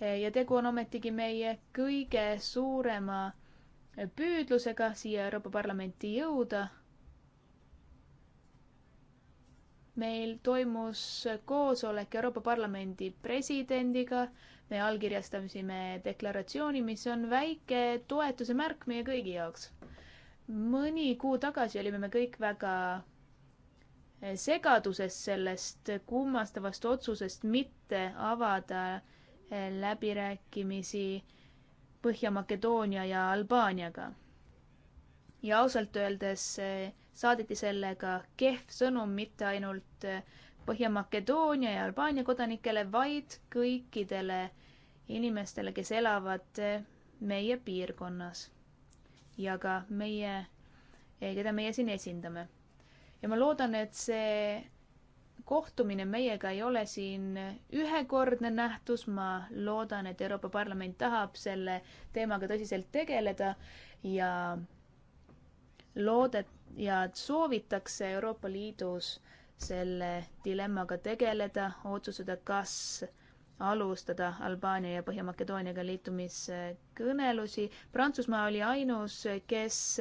Eh, ja tegu on ometigi meie kõige suurema püüdlusega siia Euroopa Parlamenti jõuda meil toimus koosolek Euroopa Parlamendi presidendiga, me allkirjastasime deklaratsiooni, mis on väike toetuse märk meie kõigi jaoks. mõni kuu tagasi olime me kõik väga segaduses sellest kummastavast otsusest mitte avada läbirääkimisi Põhja-Makedoonia ja Albaaniaga. ja ausalt öeldes see saadeti sellega kehv sõnum mitte ainult äh, Põhja-Makedoonia ja Albaania kodanikele, vaid kõikidele inimestele, kes elavad äh, meie piirkonnas ja ka meie, äh, keda meie siin esindame. ja ma loodan, et see kohtumine meiega ei ole siin ühekordne nähtus, ma loodan, et Euroopa Parlament tahab selle teemaga tõsiselt tegeleda ja loodet-, ja soovitakse Euroopa Liidus selle dilemmaga tegeleda, otsustada, kas alustada Albaania ja Põhja-Makedooniaga liitumiskõnelusi. Prantsusmaa oli ainus, kes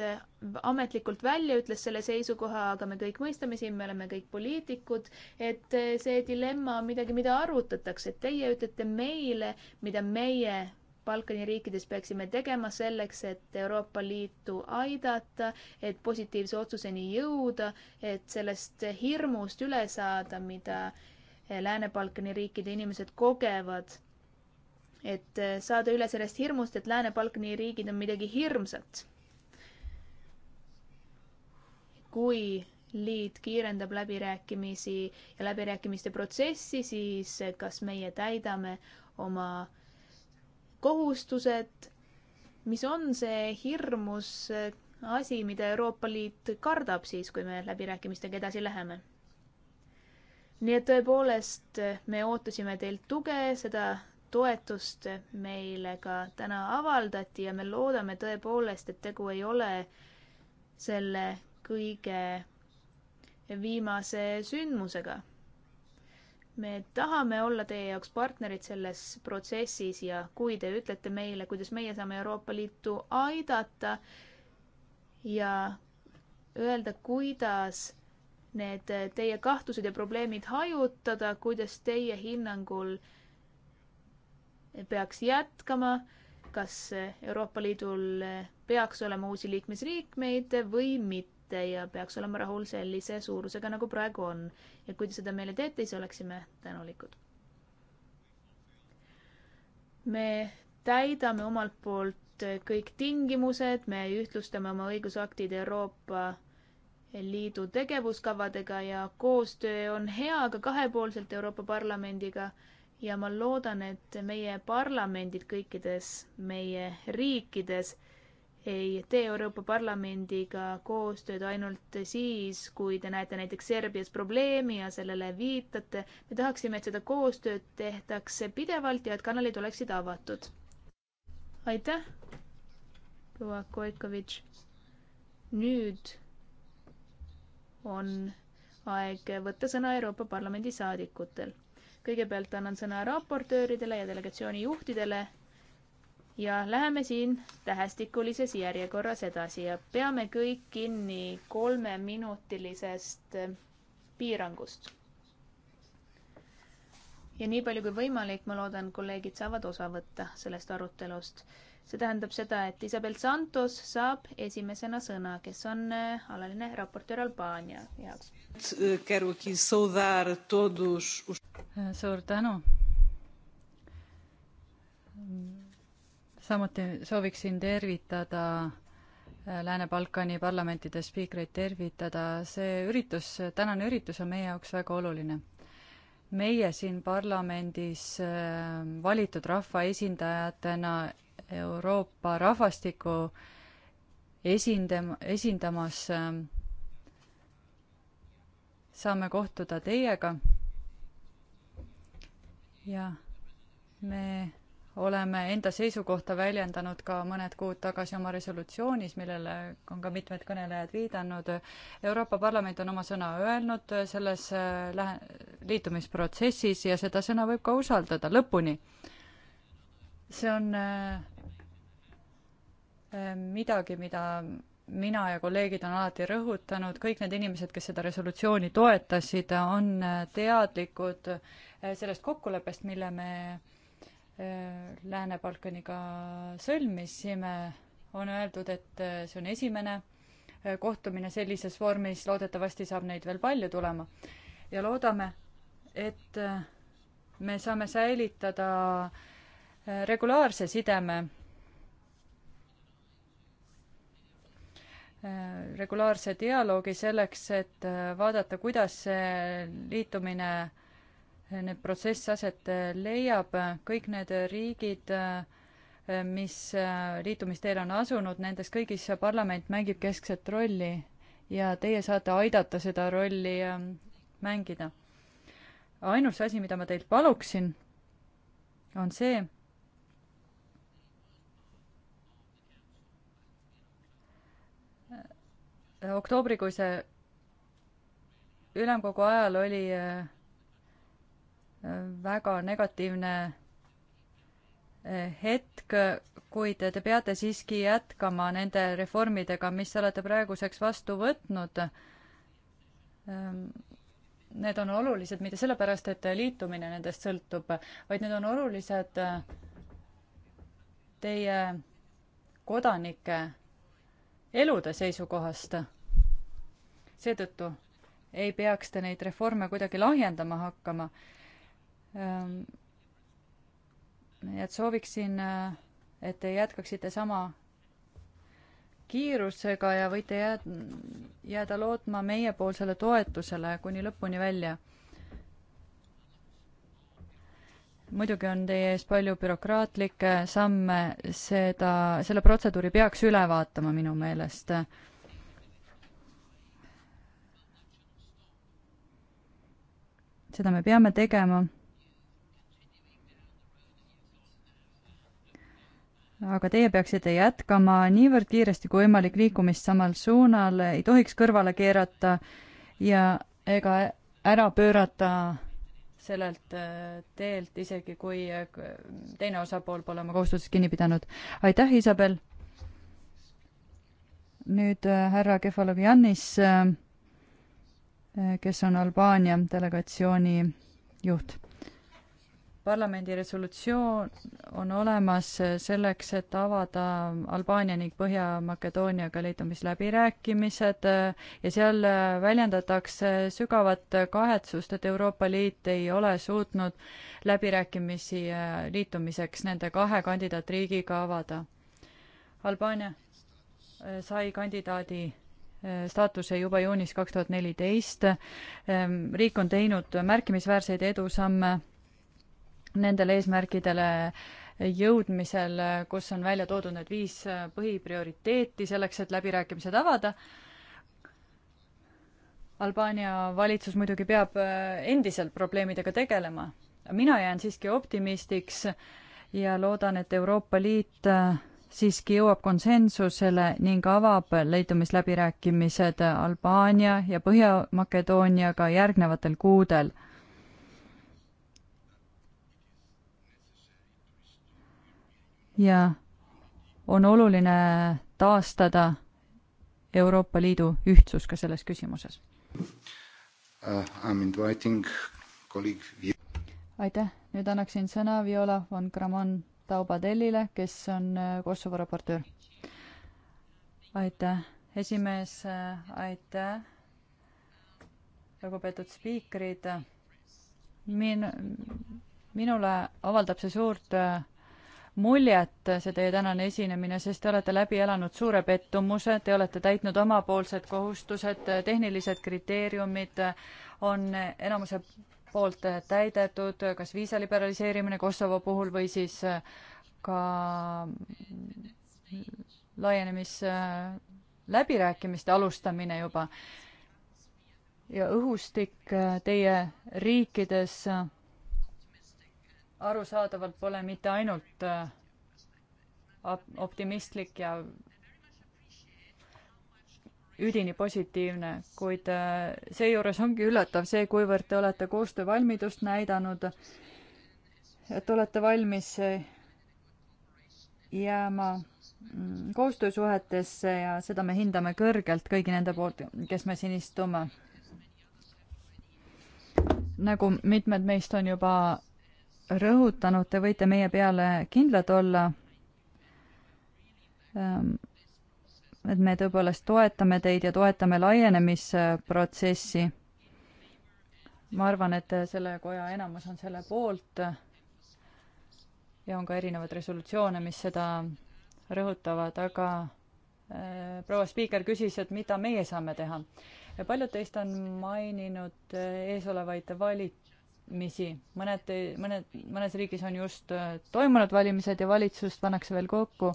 ametlikult välja ütles selle seisukoha, aga me kõik mõistame siin, me oleme kõik poliitikud, et see dilemma on midagi, mida arutatakse. Teie ütlete meile, mida meie Balkani riikides peaksime tegema selleks, et Euroopa Liitu aidata, et positiivse otsuseni jõuda, et sellest hirmust üle saada, mida Lääne-Balkani riikide inimesed kogevad. et saada üle sellest hirmust, et Lääne-Balkani riigid on midagi hirmsat. kui liit kiirendab läbirääkimisi ja läbirääkimiste protsessi, siis kas meie täidame oma kohustused, mis on see hirmus asi, mida Euroopa Liit kardab siis, kui me läbirääkimistega edasi läheme? nii et tõepoolest, me ootasime teilt tuge, seda toetust meile ka täna avaldati ja me loodame tõepoolest, et tegu ei ole selle kõige viimase sündmusega me tahame olla teie jaoks partnerid selles protsessis ja kui te ütlete meile, kuidas meie saame Euroopa Liitu aidata ja öelda, kuidas need teie kahtlused ja probleemid hajutada, kuidas teie hinnangul peaks jätkama, kas Euroopa Liidul peaks olema uusi liikmesriikmeid või mitte teete ja peaks olema rahul sellise suurusega, nagu praegu on. ja kui te seda meile teete, siis oleksime tänulikud. me täidame omalt poolt kõik tingimused, me ühtlustame oma õigusaktid Euroopa Liidu tegevuskavadega ja koostöö on hea ka kahepoolselt Euroopa Parlamendiga ja ma loodan, et meie parlamendid kõikides meie riikides ei tee Euroopa Parlamendiga koostööd ainult siis, kui te näete näiteks Serbias probleemi ja sellele viitate. me tahaksime, et seda koostööd tehtakse pidevalt ja et kanalid oleksid avatud. aitäh, proua Koikovitš. nüüd on aeg võtta sõna Euroopa Parlamendi saadikutel. kõigepealt annan sõna raportööridele ja delegatsiooni juhtidele ja läheme siin tähestikulises järjekorras edasi ja peame kõik kinni kolmeminutilisest eh, piirangust. ja nii palju kui võimalik, ma loodan, kolleegid saavad osa võtta sellest arutelust. see tähendab seda, et Isabel Santos saab esimesena sõna, kes on eh, alaline raportöör Albaania jaoks. suur tänu samuti sooviksin tervitada äh, Lääne-Balkani parlamentide spiikreid tervitada, see üritus, tänane üritus on meie jaoks väga oluline. meie siin parlamendis äh, valitud rahvaesindajatena Euroopa rahvastiku esindam-, esindamas äh, saame kohtuda teiega ja me oleme enda seisukohta väljendanud ka mõned kuud tagasi oma resolutsioonis, millele on ka mitmed kõnelejad viidanud. Euroopa Parlament on oma sõna öelnud selles äh, lähe-, liitumisprotsessis ja seda sõna võib ka usaldada lõpuni. see on äh, äh, midagi, mida mina ja kolleegid on alati rõhutanud, kõik need inimesed, kes seda resolutsiooni toetasid, on teadlikud sellest kokkuleppest, mille me Äh, Lääne-Balkaniga sõlmisime, on öeldud, et äh, see on esimene äh, kohtumine sellises vormis, loodetavasti saab neid veel palju tulema. ja loodame, et me saame säilitada regulaarse sideme, regulaarse dialoogi selleks, et vaadata, kuidas see liitumine nüüd protsess aset äh, leiab, äh, kõik need äh, riigid, mis liitumisteel on asunud, nendes kõigis parlament mängib keskset rolli ja teie saate aidata seda rolli ähm, mängida. ainus asi, mida ma teilt paluksin, on see, oktoobrikuise ülemkogu ajal oli väga negatiivne eh, hetk, kuid te peate siiski jätkama nende reformidega, mis te olete praeguseks vastu võtnud. Ehm, need on olulised mitte sellepärast, et liitumine nendest sõltub, vaid need on olulised teie kodanike elude seisukohast. seetõttu ei peaks te neid reforme kuidagi lahjendama hakkama nii ähm, et sooviksin, äh, et te jätkaksite sama kiirusega ja võite jääd, jääda lootma meiepoolsele toetusele kuni lõpuni välja. muidugi on teie ees palju bürokraatlikke samme, seda, selle protseduuri peaks üle vaatama minu meelest. seda me peame tegema aga teie peaksite jätkama niivõrd kiiresti kui võimalik liikumist samal suunal, ei tohiks kõrvale keerata ja ega ära pöörata sellelt äh, teelt, isegi kui äh, teine osapool pole oma kohustusest kinni pidanud. aitäh, Isabel! nüüd äh, härra Kefalogiannis, kes on Albaania delegatsiooni juht parlamendi resolutsioon on olemas selleks, et avada Albaania ning Põhja-Makedooniaga liitumisläbirääkimised ja seal väljendatakse sügavat kahetsust, et Euroopa Liit ei ole suutnud läbirääkimisi äh, liitumiseks nende kahe kandidaatriigiga avada. Albaania äh, sai kandidaadi äh, staatuse juba juunis kaks tuhat neliteist. Ähm, riik on teinud märkimisväärseid edusamme nendele eesmärkidele jõudmisel, kus on välja toodud need viis põhiprioriteeti selleks, et läbirääkimised avada. Albaania valitsus muidugi peab endiselt probleemidega tegelema. mina jään siiski optimistiks ja loodan, et Euroopa Liit siiski jõuab konsensusele ning avab liitumisläbirääkimised Albaania ja Põhja-Makedooniaga järgnevatel kuudel ja on oluline taastada Euroopa Liidu ühtsus ka selles küsimuses uh,. aitäh, nüüd annaksin sõna Viola von Kramon Taubadellile, kes on uh, Kosovo raportöör. aitäh, esimees, uh, aitäh, lugupeetud spiikrid. min-, minule avaldab see suurt uh, muljet, see teie tänane esinemine, sest te olete läbi elanud suure pettumuse, te olete täitnud omapoolsed kohustused, tehnilised kriteeriumid on enamuse poolt täidetud, kas viisa liberaliseerimine Kosovo puhul või siis ka laienemisläbirääkimiste alustamine juba. ja õhustik teie riikides arusaadavalt pole mitte ainult äh, optimistlik ja üdini positiivne, kuid äh, seejuures ongi üllatav see, kuivõrd te olete koostöövalmidust näidanud, et olete valmis äh, jääma mm, koostöösuhetesse ja seda me hindame kõrgelt kõigi nende poolt, kes me siin istume. nagu mitmed meist on juba rõhutanud, te võite meie peale kindlad olla, ähm, et me tõepoolest toetame teid ja toetame laienemisprotsessi. ma arvan, et selle koja enamus on selle poolt ja on ka erinevaid resolutsioone, mis seda rõhutavad, aga äh, proua spiiker küsis, et mida meie saame teha. paljud teist on maininud äh, eesolevaid valit-, valimisi. mõned, mõned, mõnes riigis on just äh, toimunud valimised ja valitsust pannakse veel kokku.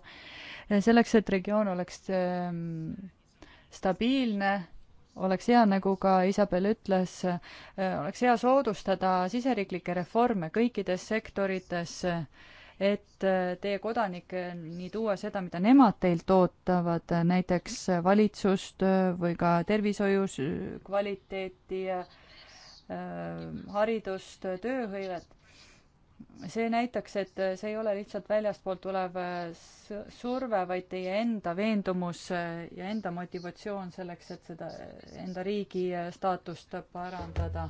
Äh, selleks, et regioon oleks ähm, stabiilne, oleks hea, nagu ka Isabel ütles, äh, oleks hea soodustada siseriiklikke reforme kõikides sektorites, et teie kodanikeni tuua seda, mida nemad teilt ootavad, näiteks valitsust või ka tervishoiu kvaliteeti Äh, haridust, tööhõivet. see näitaks, et see ei ole lihtsalt väljastpoolt tulev äh, surve, vaid teie enda veendumus äh, ja enda motivatsioon selleks, et seda enda riigi staatust parandada.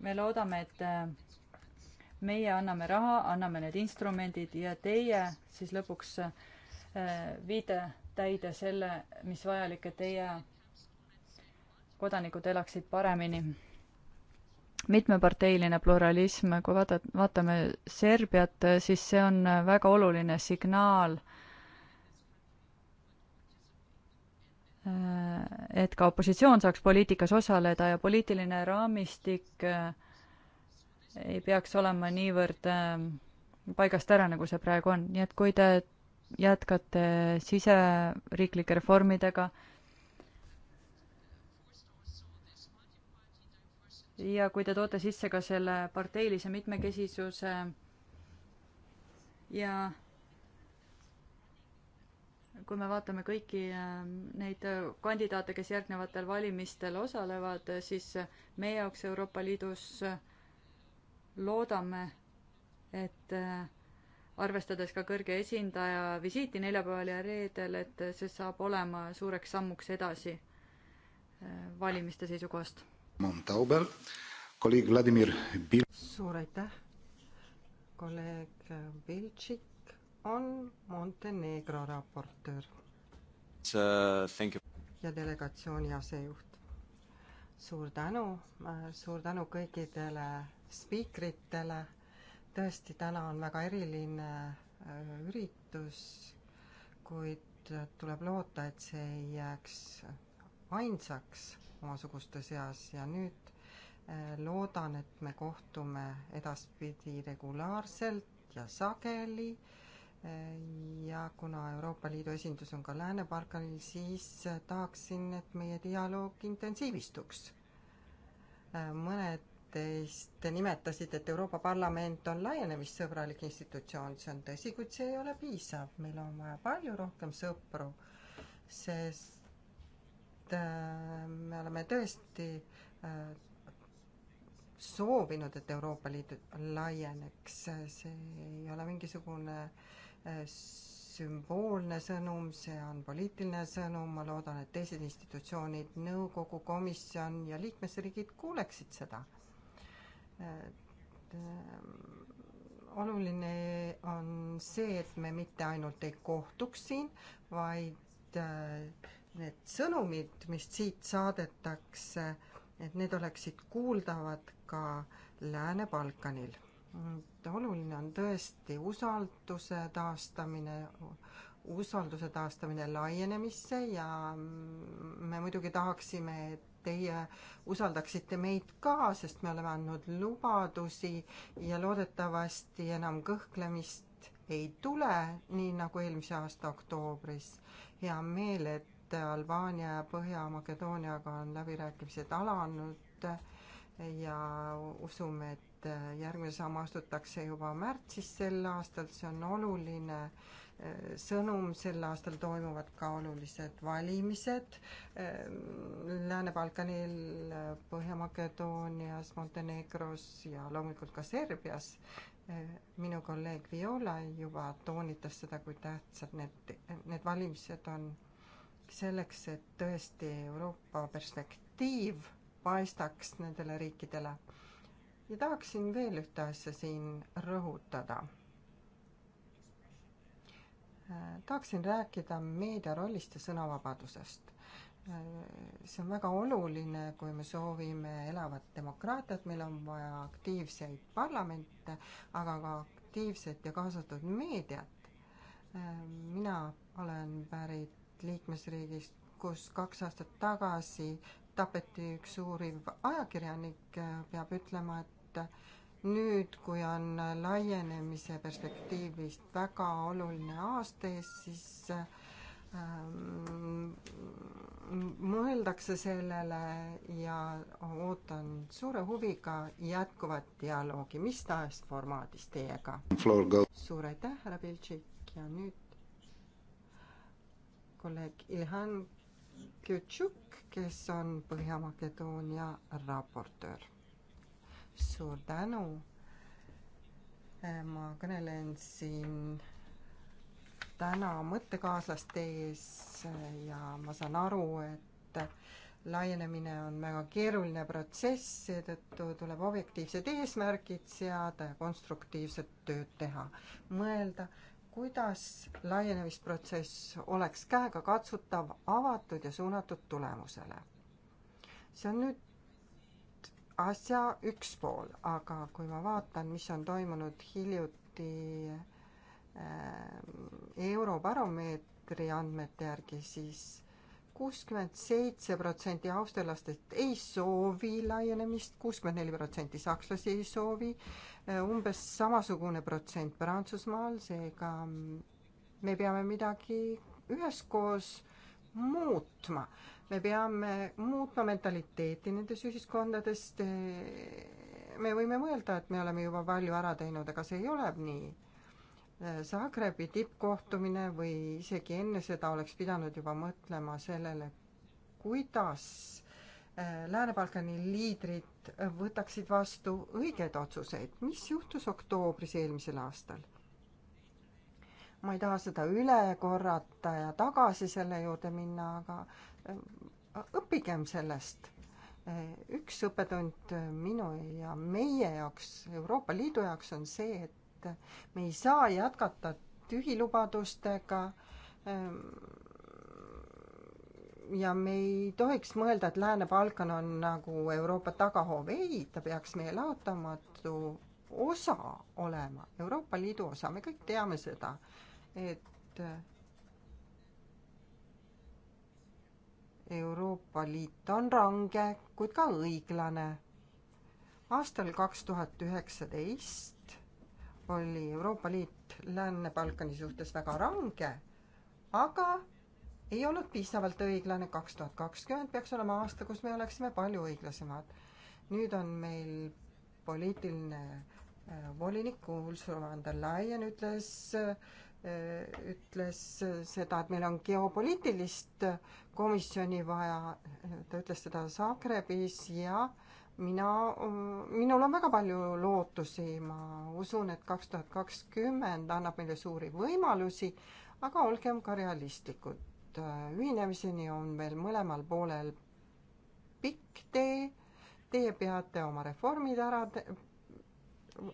me loodame, et meie anname raha, anname need instrumendid ja teie siis lõpuks viite täide selle, mis vajalik, et teie kodanikud elaksid paremini. mitmeparteiline pluralism, kui vaata, vaatame Serbiat, siis see on väga oluline signaal, et ka opositsioon saaks poliitikas osaleda ja poliitiline raamistik eh, ei peaks olema niivõrd eh, paigast ära, nagu see praegu on, nii et kui te jätkate siseriiklike reformidega, ja kui te toote sisse ka selle parteilise mitmekesisuse ja kui me vaatame kõiki äh, neid äh, kandidaate, kes järgnevatel valimistel osalevad, äh, siis meie jaoks Euroopa Liidus loodame, et arvestades ka kõrge esindaja visiiti neljapäeval ja reedel, et see saab olema suureks sammuks edasi valimiste seisukohast Montaubel, kolleeg Vladimir Bil-. suur aitäh, kolleeg Viltšik on Montenegro raportöör. Uh, ja delegatsiooni asejuht. suur tänu, suur tänu kõikidele spiikritele, tõesti, täna on väga eriline äh, üritus, kuid tuleb loota, et see ei jääks ainsaks omasuguste seas ja nüüd äh, loodan, et me kohtume edaspidi regulaarselt ja sageli äh, ja kuna Euroopa Liidu esindus on ka Lääne-Balkanil, siis äh, tahaksin, et meie dialoog intensiivistuks. mõned teist nimetasid, et Euroopa Parlament on laienemissõbralik institutsioon, see on tõsi, kuid see ei ole piisav, meil on vaja palju rohkem sõpru, sest Äh, me oleme tõesti äh, soovinud, et Euroopa Liit laieneks, see ei ole mingisugune äh, sümboolne sõnum, see on poliitiline sõnum, ma loodan, et teised institutsioonid, nõukogu, komisjon ja liikmesriigid kuuleksid seda. et oluline on see, et me mitte ainult ei kohtuks siin, vaid äh, need sõnumid, mis siit saadetakse, et need oleksid kuuldavad ka Lääne-Balkanil. et oluline on tõesti usalduse taastamine, usalduse taastamine laienemisse ja me muidugi tahaksime, et teie usaldaksite meid ka, sest me oleme andnud lubadusi ja loodetavasti enam kõhklemist ei tule, nii nagu eelmise aasta oktoobris. hea meel, et et Albaania ja Põhja-Makedooniaga on läbirääkimised alanud ja usume, et järgmine samm astutakse juba märtsis sel aastal, see on oluline eh, sõnum, sel aastal toimuvad ka olulised valimised eh, Lääne-Balkanil, Põhja-Makedoonias, Montenegros ja loomulikult ka Serbias. Eh, minu kolleeg Viola juba toonitas seda, kui tähtsad need, need valimised on selleks, et tõesti Euroopa perspektiiv paistaks nendele riikidele. ja tahaksin veel ühte asja siin rõhutada. tahaksin rääkida meedia rollist ja sõnavabadusest. see on väga oluline, kui me soovime elavat demokraatiat, meil on vaja aktiivseid parlamente, aga ka aktiivset ja kaasatud meediat. mina olen pärit liikmesriigist, kus kaks aastat tagasi tapeti üks uuriv ajakirjanik, peab ütlema, et nüüd, kui on laienemise perspektiivist väga oluline aasta ees, siis ähm, mõeldakse sellele ja ootan suure huviga jätkuvat dialoogi mis tahes formaadis teiega. suur aitäh, härra Piltšik ja nüüd kolleeg Ilhan Kütšuk, kes on Põhja-Makedoonia raportöör. suur tänu. ma kõnelen siin täna mõttekaaslaste ees ja ma saan aru, et laienemine on väga keeruline protsess, seetõttu tuleb objektiivsed eesmärgid seada ja konstruktiivset tööd teha. mõelda, kuidas laienemisprotsess oleks käegakatsutav, avatud ja suunatud tulemusele. see on nüüd asja üks pool, aga kui ma vaatan, mis on toimunud hiljuti ähm, Eurobaromeetri andmete järgi siis, siis kuuskümmend seitse protsenti austerlastest ei soovi laienemist, kuuskümmend neli protsenti sakslasi ei soovi, umbes samasugune protsent Prantsusmaal, seega me peame midagi üheskoos muutma. me peame muutma mentaliteeti nendes ühiskondadest. me võime mõelda, et me oleme juba palju ära teinud, aga see ei ole nii. Zagrebi tippkohtumine või isegi enne seda oleks pidanud juba mõtlema sellele, kuidas Lääne-Balkani liidrid võtaksid vastu õigeid otsuseid. mis juhtus oktoobris eelmisel aastal? ma ei taha seda üle korrata ja tagasi selle juurde minna, aga äh, õppigem sellest. üks õppetund minu ja meie jaoks, Euroopa Liidu jaoks on see, et me ei saa jätkata tühilubadustega ehm, ja me ei tohiks mõelda, et Lääne-Balkan on nagu Euroopa tagahoov, ei, ta peaks meie laotamatu osa olema, Euroopa Liidu osa, me kõik teame seda, et Euroopa Liit on range, kuid ka õiglane. aastal kaks tuhat üheksateist oli Euroopa Liit Lääne-Balkani suhtes väga range, aga ei olnud piisavalt õiglane, kaks tuhat kakskümmend peaks olema aasta, kus me oleksime palju õiglasemad. nüüd on meil poliitiline äh, volinik Ursula von der Leyen ütles, äh, ütles seda, et meil on geopoliitilist komisjoni vaja, ta ütles seda Zagrebis ja mina, minul on väga palju lootusi, ma usun, et kaks tuhat kakskümmend annab meile suuri võimalusi, aga olgem ka realistlikud jõudnud äh, ühinemiseni, on veel mõlemal poolel pikk tee. Teie peate oma reformid ära te-,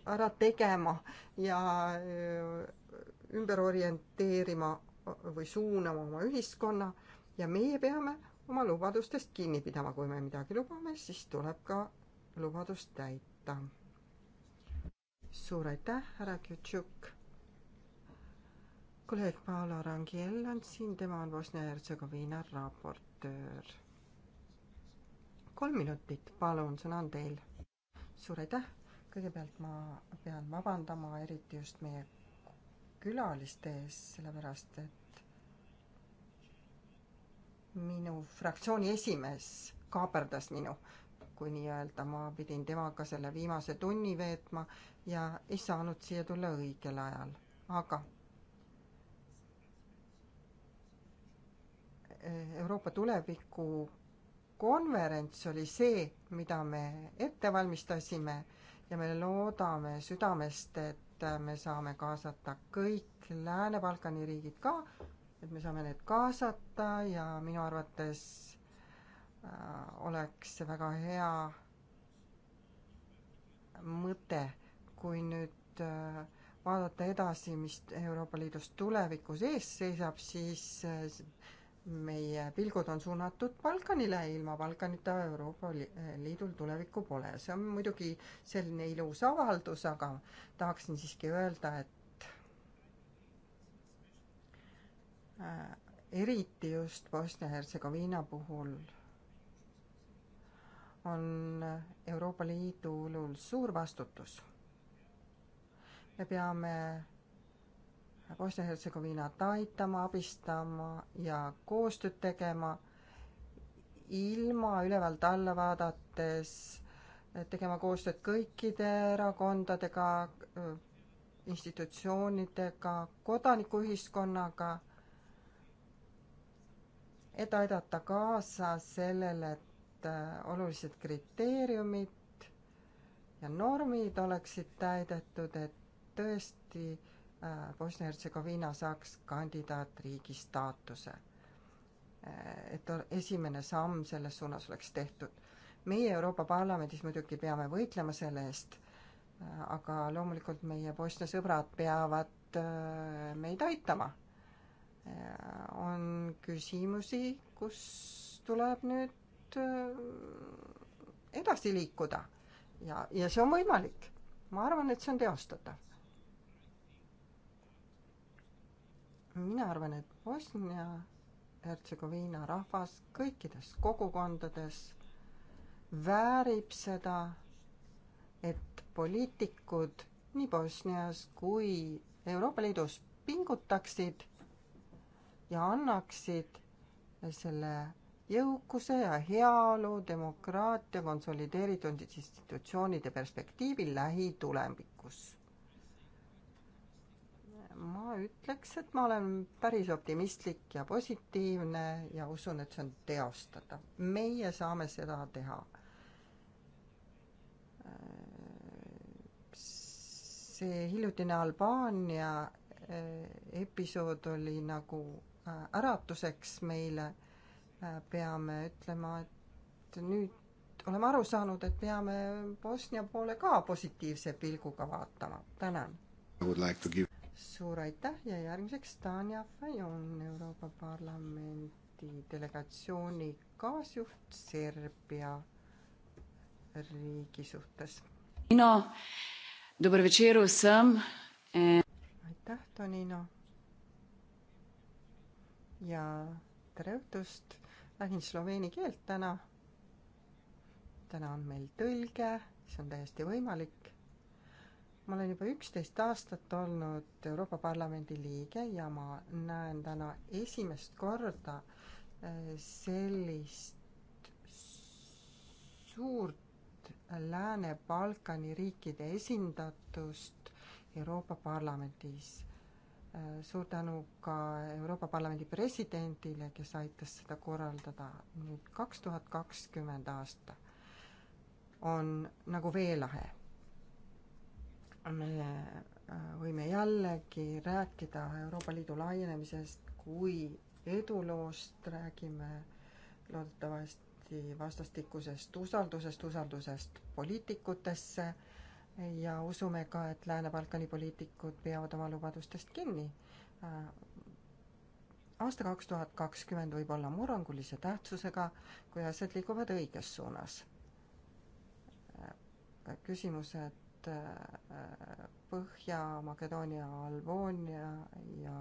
ära tegema ja äh, ümber orienteerima või suunama oma ühiskonna ja meie peame oma lubadustest kinni pidama, kui me midagi lubame, siis tuleb ka lubadust täita. suur aitäh, härra Kütšuk kolleeg Paolo Rangiel on siin, tema on Bosnia-Hertsegoviina raportöör. kolm minutit, palun, sõna on teil. suur aitäh, kõigepealt ma pean vabandama eriti just meie külaliste ees, sellepärast et minu fraktsiooni esimees kaaperdas minu, kui nii-öelda ma pidin temaga selle viimase tunni veetma ja ei saanud siia tulla õigel ajal, aga Euroopa tuleviku konverents oli see, mida me ette valmistasime ja me loodame südamest, et me saame kaasata kõik Lääne-Balkani riigid ka, et me saame need kaasata ja minu arvates äh, oleks see väga hea mõte, kui nüüd äh, vaadata edasi, mis Euroopa Liidus tulevikus ees seisab, siis äh, meie pilgud on suunatud Balkanile, ilma Balkanita Euroopa Liidul tulevikku pole. see on muidugi selline ilus avaldus, aga tahaksin siiski öelda, et äh, eriti just Bosnia-Hertsegoviina puhul on Euroopa Liidul suur vastutus. me peame Bosnia-Hertsegoviinat aitama, abistama ja koostööd tegema, ilma ülevalt alla vaadates tegema koostööd kõikide erakondadega, institutsioonidega, kodanikuühiskonnaga, et aidata kaasa sellele, et äh, olulised kriteeriumid ja normid oleksid täidetud, et tõesti Äh, Bosnia-Hertsegoviina saaks kandidaatriigi staatuse. Äh, et esimene samm selles suunas oleks tehtud. meie Euroopa Parlamendis muidugi peame võitlema selle eest, äh, aga loomulikult meie Bosnia sõbrad peavad meid aitama. on küsimusi, kus tuleb nüüd edasi liikuda ja, ja see on võimalik. ma arvan, et see on teostatav mina arvan, et Bosnia-Hertsegoviina rahvas kõikides kogukondades väärib seda, et poliitikud nii Bosnias kui Euroopa Liidus pingutaksid ja annaksid selle jõukuse ja heaolu demokraatia konsolideeritud institutsioonide perspektiivi lähitulevikus ma ütleks, et ma olen päris optimistlik ja positiivne ja usun, et see on teostatav. meie saame seda teha. see hiljutine Albaania eh, episood oli nagu eh, äratuseks meile, eh, peame ütlema, et nüüd oleme aru saanud, et peame Bosnia poole ka positiivse pilguga vaatama. tänan! I would like to give suur aitäh ja järgmiseks Tanja Fajon, Euroopa Parlamendi delegatsiooni kaasjuht Serbia riigi suhtes. Nino, dober večer vsem. aitäh, Tonino. ja tere õhtust. räägin sloveeni keelt täna. täna on meil tõlge, see on täiesti võimalik ma olen juba üksteist aastat olnud Euroopa Parlamendi liige ja ma näen täna esimest korda äh, sellist suurt Lääne-Balkani riikide esindatust Euroopa Parlamendis. Äh, suur tänu ka Euroopa Parlamendi presidendile, kes aitas seda korraldada nüüd kaks tuhat kakskümmend aasta on nagu veelahe me äh, võime jällegi rääkida Euroopa Liidu laienemisest kui eduloost, räägime loodetavasti vastastikusest usaldusest, usaldusest poliitikutesse ja usume ka, et Lääne-Balkani poliitikud peavad oma lubadustest kinni. Äh, aasta kaks tuhat kakskümmend võib olla murrangulise tähtsusega, kui asjad liiguvad õiges suunas. Äh, küsimused et äh, Põhja-Makedoonia, Albaania ja,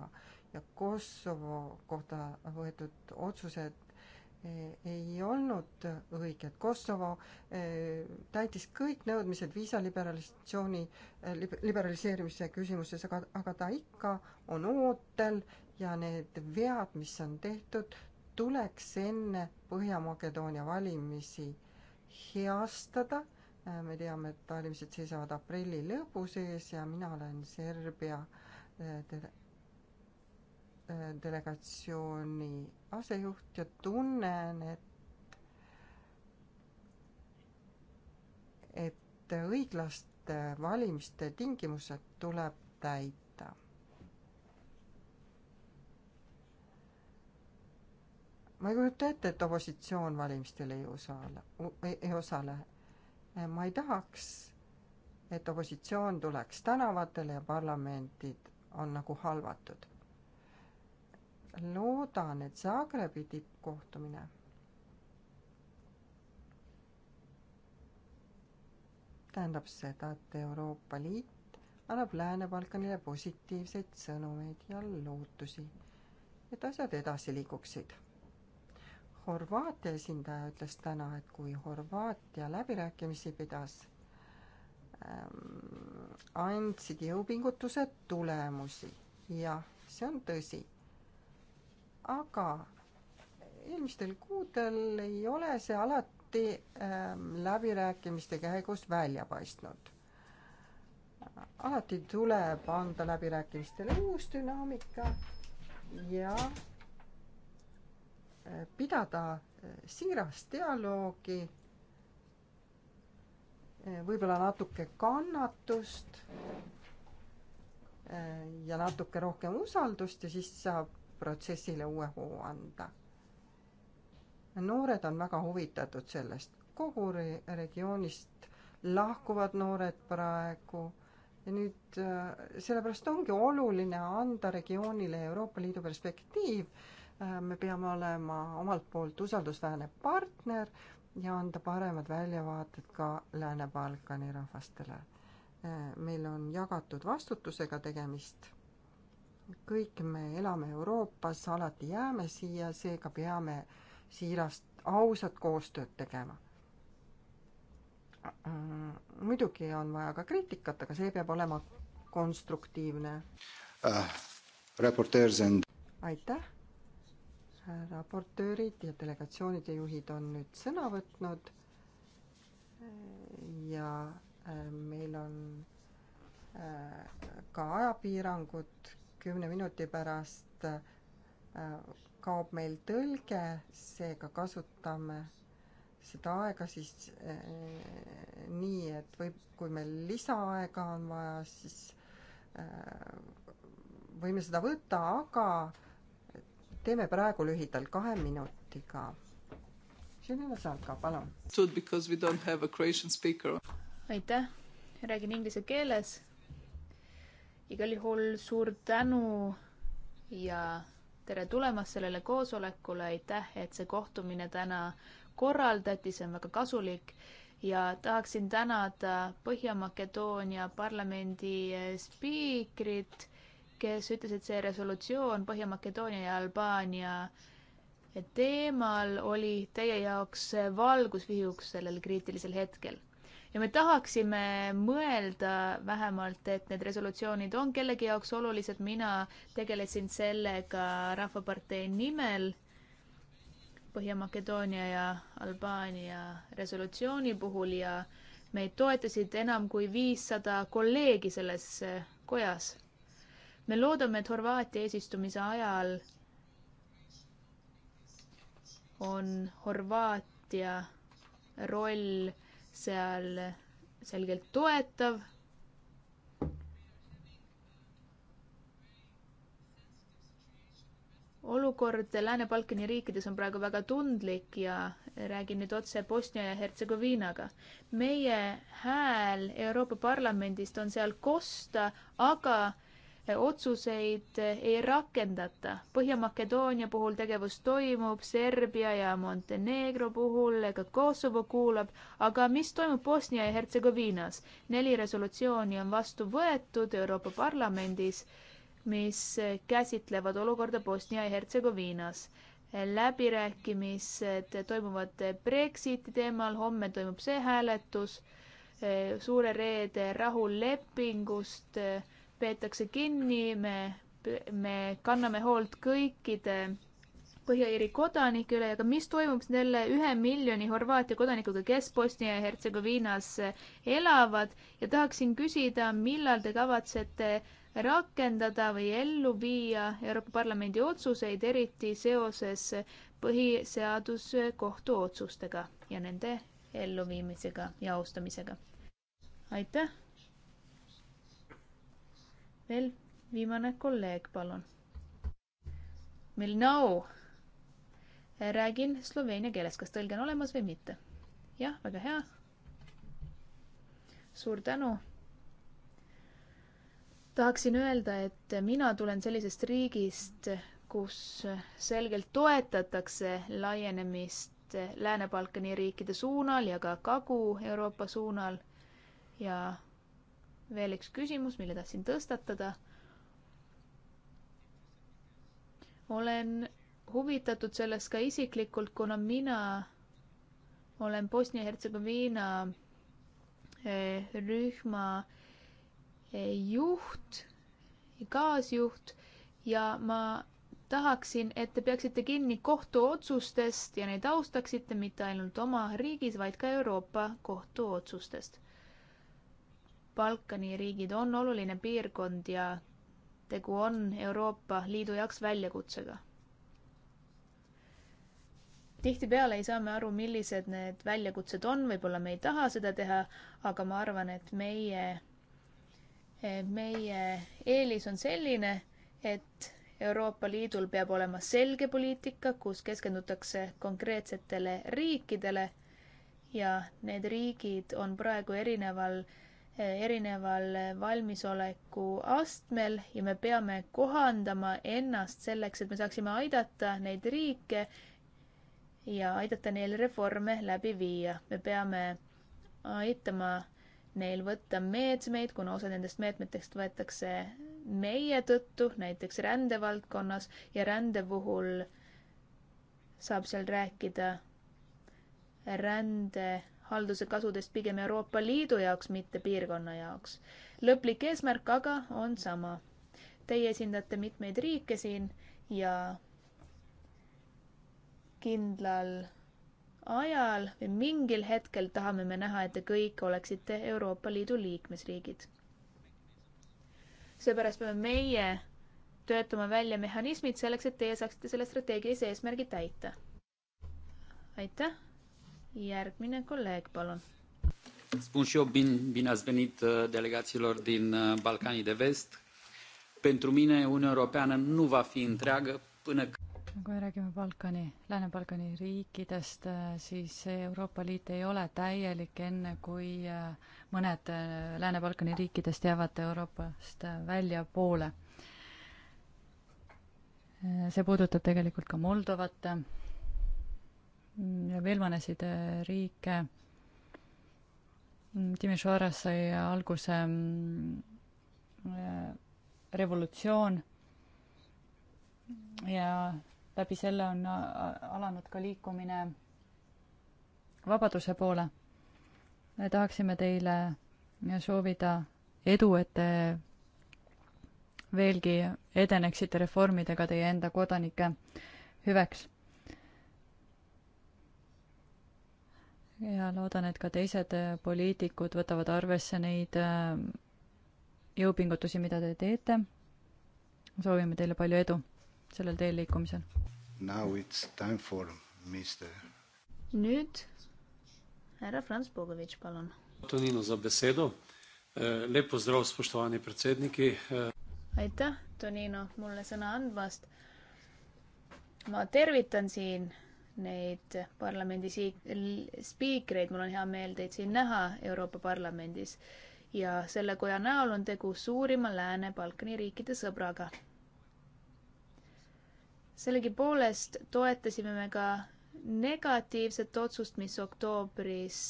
ja Kosovo kohta võetud otsused e, ei olnud õiged. Kosovo e, täitis kõik nõudmised viisaliberalisatsiooni, e, liberaliseerimise küsimuses, aga, aga ta ikka on ootel ja need vead, mis on tehtud, tuleks enne Põhja-Makedoonia valimisi heastada Äh, me teame, et valimised seisavad aprilli lõpu sees ja mina olen Serbia äh, dele-, äh, delegatsiooni asejuht ja tunnen, et et õiglaste valimiste tingimused tuleb täita. ma ei kujuta ette, et opositsioon valimistel ei osale, ei osale, Eh, ma ei tahaks, et opositsioon tuleks tänavatele ja parlamendid on nagu halvatud. loodan, et Zagrebi tippkohtumine tähendab seda, et Euroopa Liit annab Lääne-Balkanile positiivseid sõnumeid ja lootusi, et asjad edasi liiguksid Horvaatia esindaja ütles täna, et kui Horvaatia läbirääkimisi pidas, ähm, andsid jõupingutused tulemusi. jah, see on tõsi. aga eelmistel kuudel ei ole see alati ähm, läbirääkimiste käigus välja paistnud. alati tuleb anda läbirääkimistele uus dünaamika ja pidada eh, siirast dialoogi, eh, võib-olla natuke kannatust eh, ja natuke rohkem usaldust ja siis saab protsessile uue hoo anda. noored on väga huvitatud sellest, kogu re-, regioonist lahkuvad noored praegu ja nüüd sellepärast ongi oluline anda regioonile Euroopa Liidu perspektiiv Äh, me peame olema omalt poolt usaldusväärne partner ja anda paremad väljavaated ka Lääne-Balkani rahvastele. Äh, meil on jagatud vastutusega tegemist. kõik me elame Euroopas, alati jääme siia, seega peame siirast, ausat koostööd tegema. Äh, muidugi on vaja ka kriitikat, aga see peab olema konstruktiivne uh,. And... aitäh raportöörid ja delegatsioonide juhid on nüüd sõna võtnud ja äh, meil on äh, ka ajapiirangud, kümne minuti pärast äh, kaob meil tõlge, seega kasutame seda aega siis nii, et võib, kui meil lisaaega on vaja, siis võime seda võtta, aga teeme praegu lühidalt kahe minutiga. Žilina Salka, palun. aitäh, räägin inglise keeles. igal juhul suur tänu ja tere tulemast sellele koosolekule, aitäh, et see kohtumine täna korraldati, see on väga kasulik ja tahaksin tänada Põhja-Makedoonia parlamendi spiikrit kes ütles, et see resolutsioon Põhja-Makedoonia ja Albaania teemal oli teie jaoks valgusvihuks sellel kriitilisel hetkel. ja me tahaksime mõelda vähemalt, et need resolutsioonid on kellegi jaoks olulised, mina tegelesin sellega Rahvapartei nimel Põhja-Makedoonia ja Albaania resolutsiooni puhul ja meid toetasid enam kui viissada kolleegi selles kojas me loodame, et Horvaatia eesistumise ajal on Horvaatia roll seal selgelt toetav. olukord Lääne-Balkani riikides on praegu väga tundlik ja räägin nüüd otse Bosnia ja Hertsegoviinaga. meie hääl Euroopa Parlamendist on seal kosta, aga otsuseid ei rakendata. Põhja-Makedoonia puhul tegevus toimub, Serbia ja Montenegro puhul, ka Kosovo kuulab, aga mis toimub Bosnia ja Hertsegoviinas? neli resolutsiooni on vastu võetud Euroopa Parlamendis, mis käsitlevad olukorda Bosnia ja Hertsegoviinas. läbirääkimised toimuvad Brexiti teemal, homme toimub see hääletus, suure reede rahulepingust peetakse kinni, me, me kanname hoolt kõikide Põhja-Iiri kodanike üle, aga mis toimub selle ühe miljoni Horvaatia kodanikuga, kes Bosnia ja Hertsegoviinas elavad ja tahaksin küsida, millal te kavatsete rakendada või ellu viia Euroopa Parlamendi otsuseid, eriti seoses põhiseaduskohtu otsustega ja nende elluviimisega ja austamisega. aitäh! veel viimane kolleeg, palun. Milnau. räägin sloveenia keeles, kas tõlge on olemas või mitte? jah, väga hea. suur tänu. tahaksin öelda, et mina tulen sellisest riigist, kus selgelt toetatakse laienemist Lääne-Balkani riikide suunal ja ka Kagu-Euroopa suunal ja veel üks küsimus, mille tahtsin tõstatada. olen huvitatud sellest ka isiklikult, kuna mina olen Bosnia-Hertsegoviina eh, rühma eh, juht, kaasjuht ja ma tahaksin, et te peaksite kinni kohtuotsustest ja neid austaksite mitte ainult oma riigis, vaid ka Euroopa kohtuotsustest Balkani riigid on oluline piirkond ja tegu on Euroopa Liidu jaoks väljakutsega. tihtipeale ei saa me aru, millised need väljakutsed on, võib-olla me ei taha seda teha, aga ma arvan, et meie, meie eelis on selline, et Euroopa Liidul peab olema selge poliitika, kus keskendutakse konkreetsetele riikidele ja need riigid on praegu erineval äh, erineval valmisoleku astmel ja me peame kohandama ennast selleks, et me saaksime aidata neid riike ja aidata neil reforme läbi viia. me peame aitama neil võtta meetmeid, kuna osa nendest meetmetest võetakse meie tõttu, näiteks rändevaldkonnas ja rände puhul saab seal rääkida rände halduse kasudest pigem Euroopa Liidu jaoks, mitte piirkonna jaoks. lõplik eesmärk aga on sama. Teie esindate mitmeid riike siin ja kindlal ajal või mingil hetkel tahame me näha, et te kõik oleksite Euroopa Liidu liikmesriigid. seepärast peame meie töötama välja mehhanismid selleks, et teie saaksite selle strateegilise eesmärgi täita. aitäh! järgmine kolleeg, palun. Spun și eu bin, bine ați venit uh, delegațiilor din uh, Balcanii de Vest. Pentru mine Uniunea Europeană nu va fi întreagă până kui räägime Balkani, Lääne-Balkani riikidest, uh, siis Euroopa Liit ei ole täielik, enne kui mõned Lääne-Balkani riikidest jäävad Euroopast väljapoole. see puudutab tegelikult ka Moldovat veel mõnesid äh, riike. Mm, Timisoaras sai alguse mm, äh, revolutsioon ja läbi selle on äh, alanud ka liikumine vabaduse poole. tahaksime teile soovida edu, et te veelgi edeneksite reformidega teie enda kodanike hüveks. ja loodan, et ka teised äh, poliitikud võtavad arvesse neid äh, jõupingutusi, mida te teete. soovime teile palju edu sellel teel liikumisel. nüüd härra Franz Bogovitš, palun. Tonino za besedo. E, lep pozdrav, spoštovani predsedniki. E. aitäh, Tonino, mulle sõna andmast. ma tervitan siin neid parlamendi spiikreid, mul on hea meel teid siin näha Euroopa Parlamendis. ja selle koja näol on tegu suurima Lääne-Balkani riikide sõbraga. sellegipoolest toetasime me ka negatiivset otsust, mis oktoobris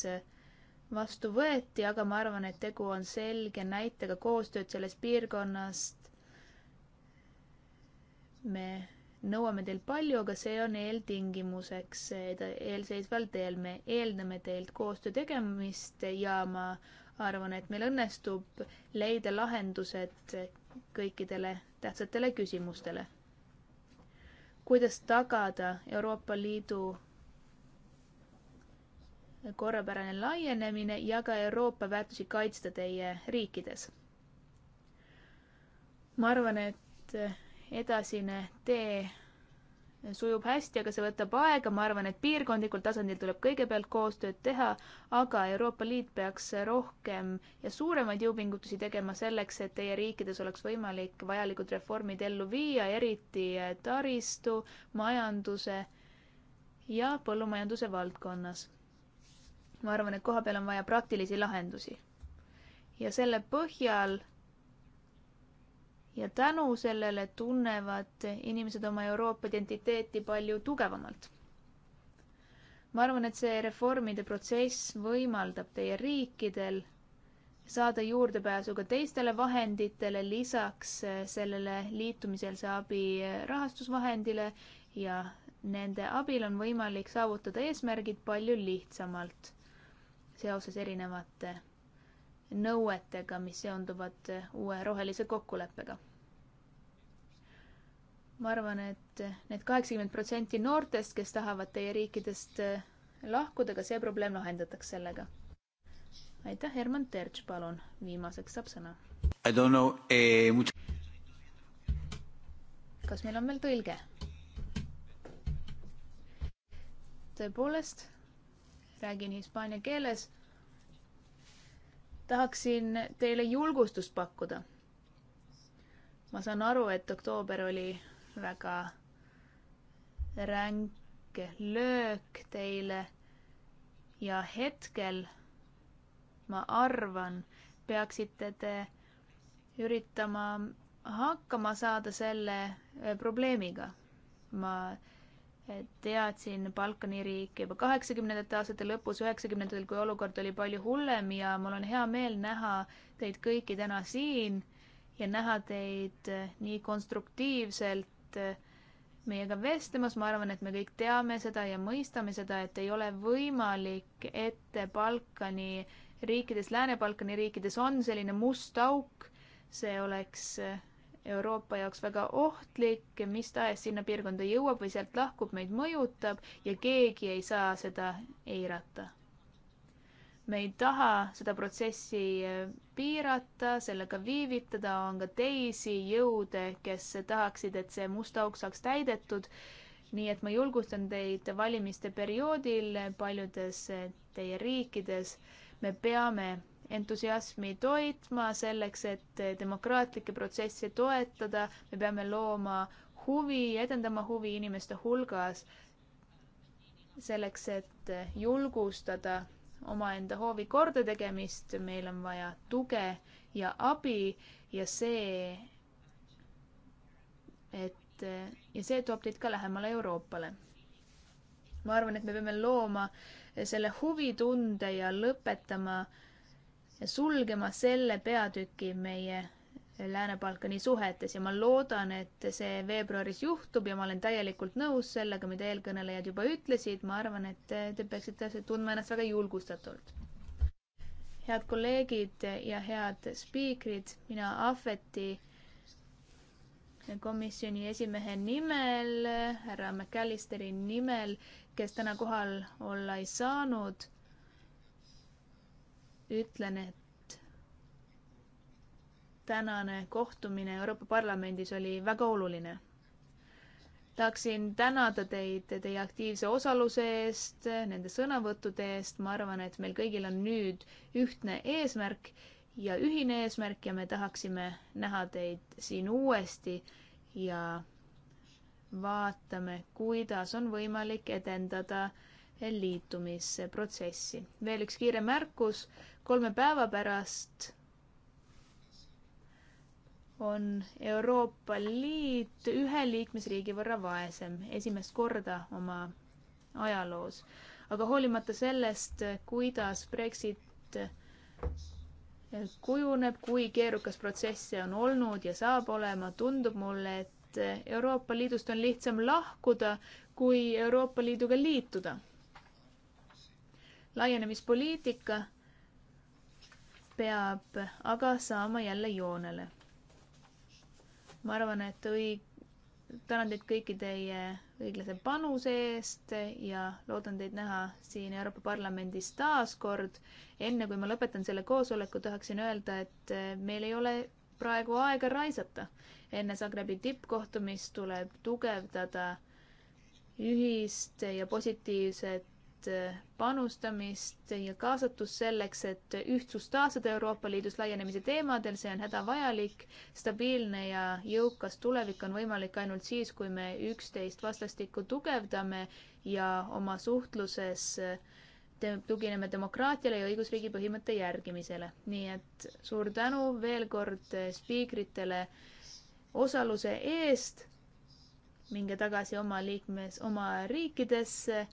vastu võeti, aga ma arvan, et tegu on selge näitega koostööd selles piirkonnast. me nõuame teilt palju, aga see on eeltingimuseks eelseisval teel. me eeldame teilt koostöö tegemist ja ma arvan, et meil õnnestub leida lahendused kõikidele tähtsatele küsimustele. kuidas tagada Euroopa Liidu korrapärane laienemine ja ka Euroopa väärtusi kaitsta teie riikides? ma arvan, et edasine tee sujub hästi, aga see võtab aega, ma arvan, et piirkondlikul tasandil tuleb kõigepealt koostööd teha, aga Euroopa Liit peaks rohkem ja suuremaid jõupingutusi tegema selleks, et teie riikides oleks võimalik vajalikud reformid ellu viia, eriti taristu, majanduse ja põllumajanduse valdkonnas. ma arvan, et kohapeal on vaja praktilisi lahendusi. ja selle põhjal ja tänu sellele tunnevad inimesed oma Euroopa identiteeti palju tugevamalt. ma arvan, et see reformide protsess võimaldab teie riikidel saada juurdepääsu ka teistele vahenditele, lisaks sellele liitumiseelse abi rahastusvahendile ja nende abil on võimalik saavutada eesmärgid palju lihtsamalt seoses erinevate nõuetega, mis seonduvad eh, uue rohelise kokkuleppega. ma arvan, et eh, need kaheksakümmend protsenti noortest, kes tahavad teie riikidest eh, lahkuda, ka see probleem lahendatakse sellega. aitäh, Herman Terts, palun, viimaseks saab sõna. I don't know eh,, much kas meil on veel tõlge? tõepoolest, räägin hispaania keeles tahaksin teile julgustust pakkuda. ma saan aru, et oktoober oli väga ränk löök teile ja hetkel ma arvan, peaksite te üritama hakkama saada selle äh, probleemiga. ma teadsin Balkani riike juba kaheksakümnendate aastate lõpus, üheksakümnendatel, kui olukord oli palju hullem ja mul on hea meel näha teid kõiki täna siin ja näha teid nii konstruktiivselt meiega vestlemas, ma arvan, et me kõik teame seda ja mõistame seda, et ei ole võimalik, et Balkani riikides, Lääne-Balkani riikides on selline must auk, see oleks Euroopa jaoks väga ohtlik, mis tahes sinna piirkonda jõuab või sealt lahkub, meid mõjutab ja keegi ei saa seda eirata. me ei taha seda protsessi äh, piirata, sellega viivitada, on ka teisi jõude, kes tahaksid, et see must auk saaks täidetud. nii et ma julgustan teid valimiste perioodil paljudes äh, teie riikides, me peame entusiasmi toitma selleks, et demokraatlikke protsesse toetada. me peame looma huvi, edendama huvi inimeste hulgas selleks, et julgustada omaenda hoovi kordategemist, meil on vaja tuge ja abi ja see, et ja see toob teid ka lähemale Euroopale. ma arvan, et me peame looma selle huvitunde ja lõpetama äh, sulgema selle peatüki meie Lääne-Balkani suhetes ja ma loodan, et see veebruaris juhtub ja ma olen täielikult nõus sellega, mida eelkõnelejad juba ütlesid, ma arvan, et te peaksite tundma ennast väga julgustatult. head kolleegid ja head spiikrid, mina Ahveti komisjoni esimehe nimel, härra McAllisteri nimel, kes täna kohal olla ei saanud ütlen, et tänane kohtumine Euroopa Parlamendis oli väga oluline. tahaksin tänada teid teie aktiivse osaluse eest, nende sõnavõttude eest, ma arvan, et meil kõigil on nüüd ühtne eesmärk ja ühine eesmärk ja me tahaksime näha teid siin uuesti ja vaatame, kuidas on võimalik edendada liitumisprotsessi. veel üks kiire märkus, kolme päeva pärast on Euroopa Liit ühe liikmesriigi võrra vaesem esimest korda oma ajaloos. aga hoolimata sellest, kuidas Brexit kujuneb, kui keerukas protsess see on olnud ja saab olema, tundub mulle, et Euroopa Liidust on lihtsam lahkuda, kui Euroopa Liiduga liituda laienemispoliitika peab aga saama jälle joonele. ma arvan, et õig-, tänan teid kõiki teie õiglase panuse eest ja loodan teid näha siin Euroopa Parlamendis taas kord. enne kui ma lõpetan selle koosoleku, tahaksin öelda, et meil ei ole praegu aega raisata. enne Zagrebi tippkohtumist tuleb tugevdada ühist ja positiivset Äh, panustamist ja kaasatust selleks, et ühtsust taastada Euroopa Liidus laienemise teemadel, see on hädavajalik. stabiilne ja jõukas tulevik on võimalik ainult siis, kui me üksteist vastastikku tugevdame ja oma suhtluses äh, tugineme demokraatiale ja õigusriigi põhimõtte järgimisele. nii et suur tänu veel kord äh, spiikritele osaluse eest. minge tagasi oma liikmes, oma riikidesse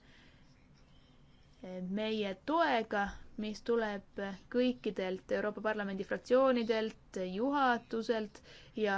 meie toega, mis tuleb kõikidelt Euroopa Parlamendi fraktsioonidelt, juhatuselt ja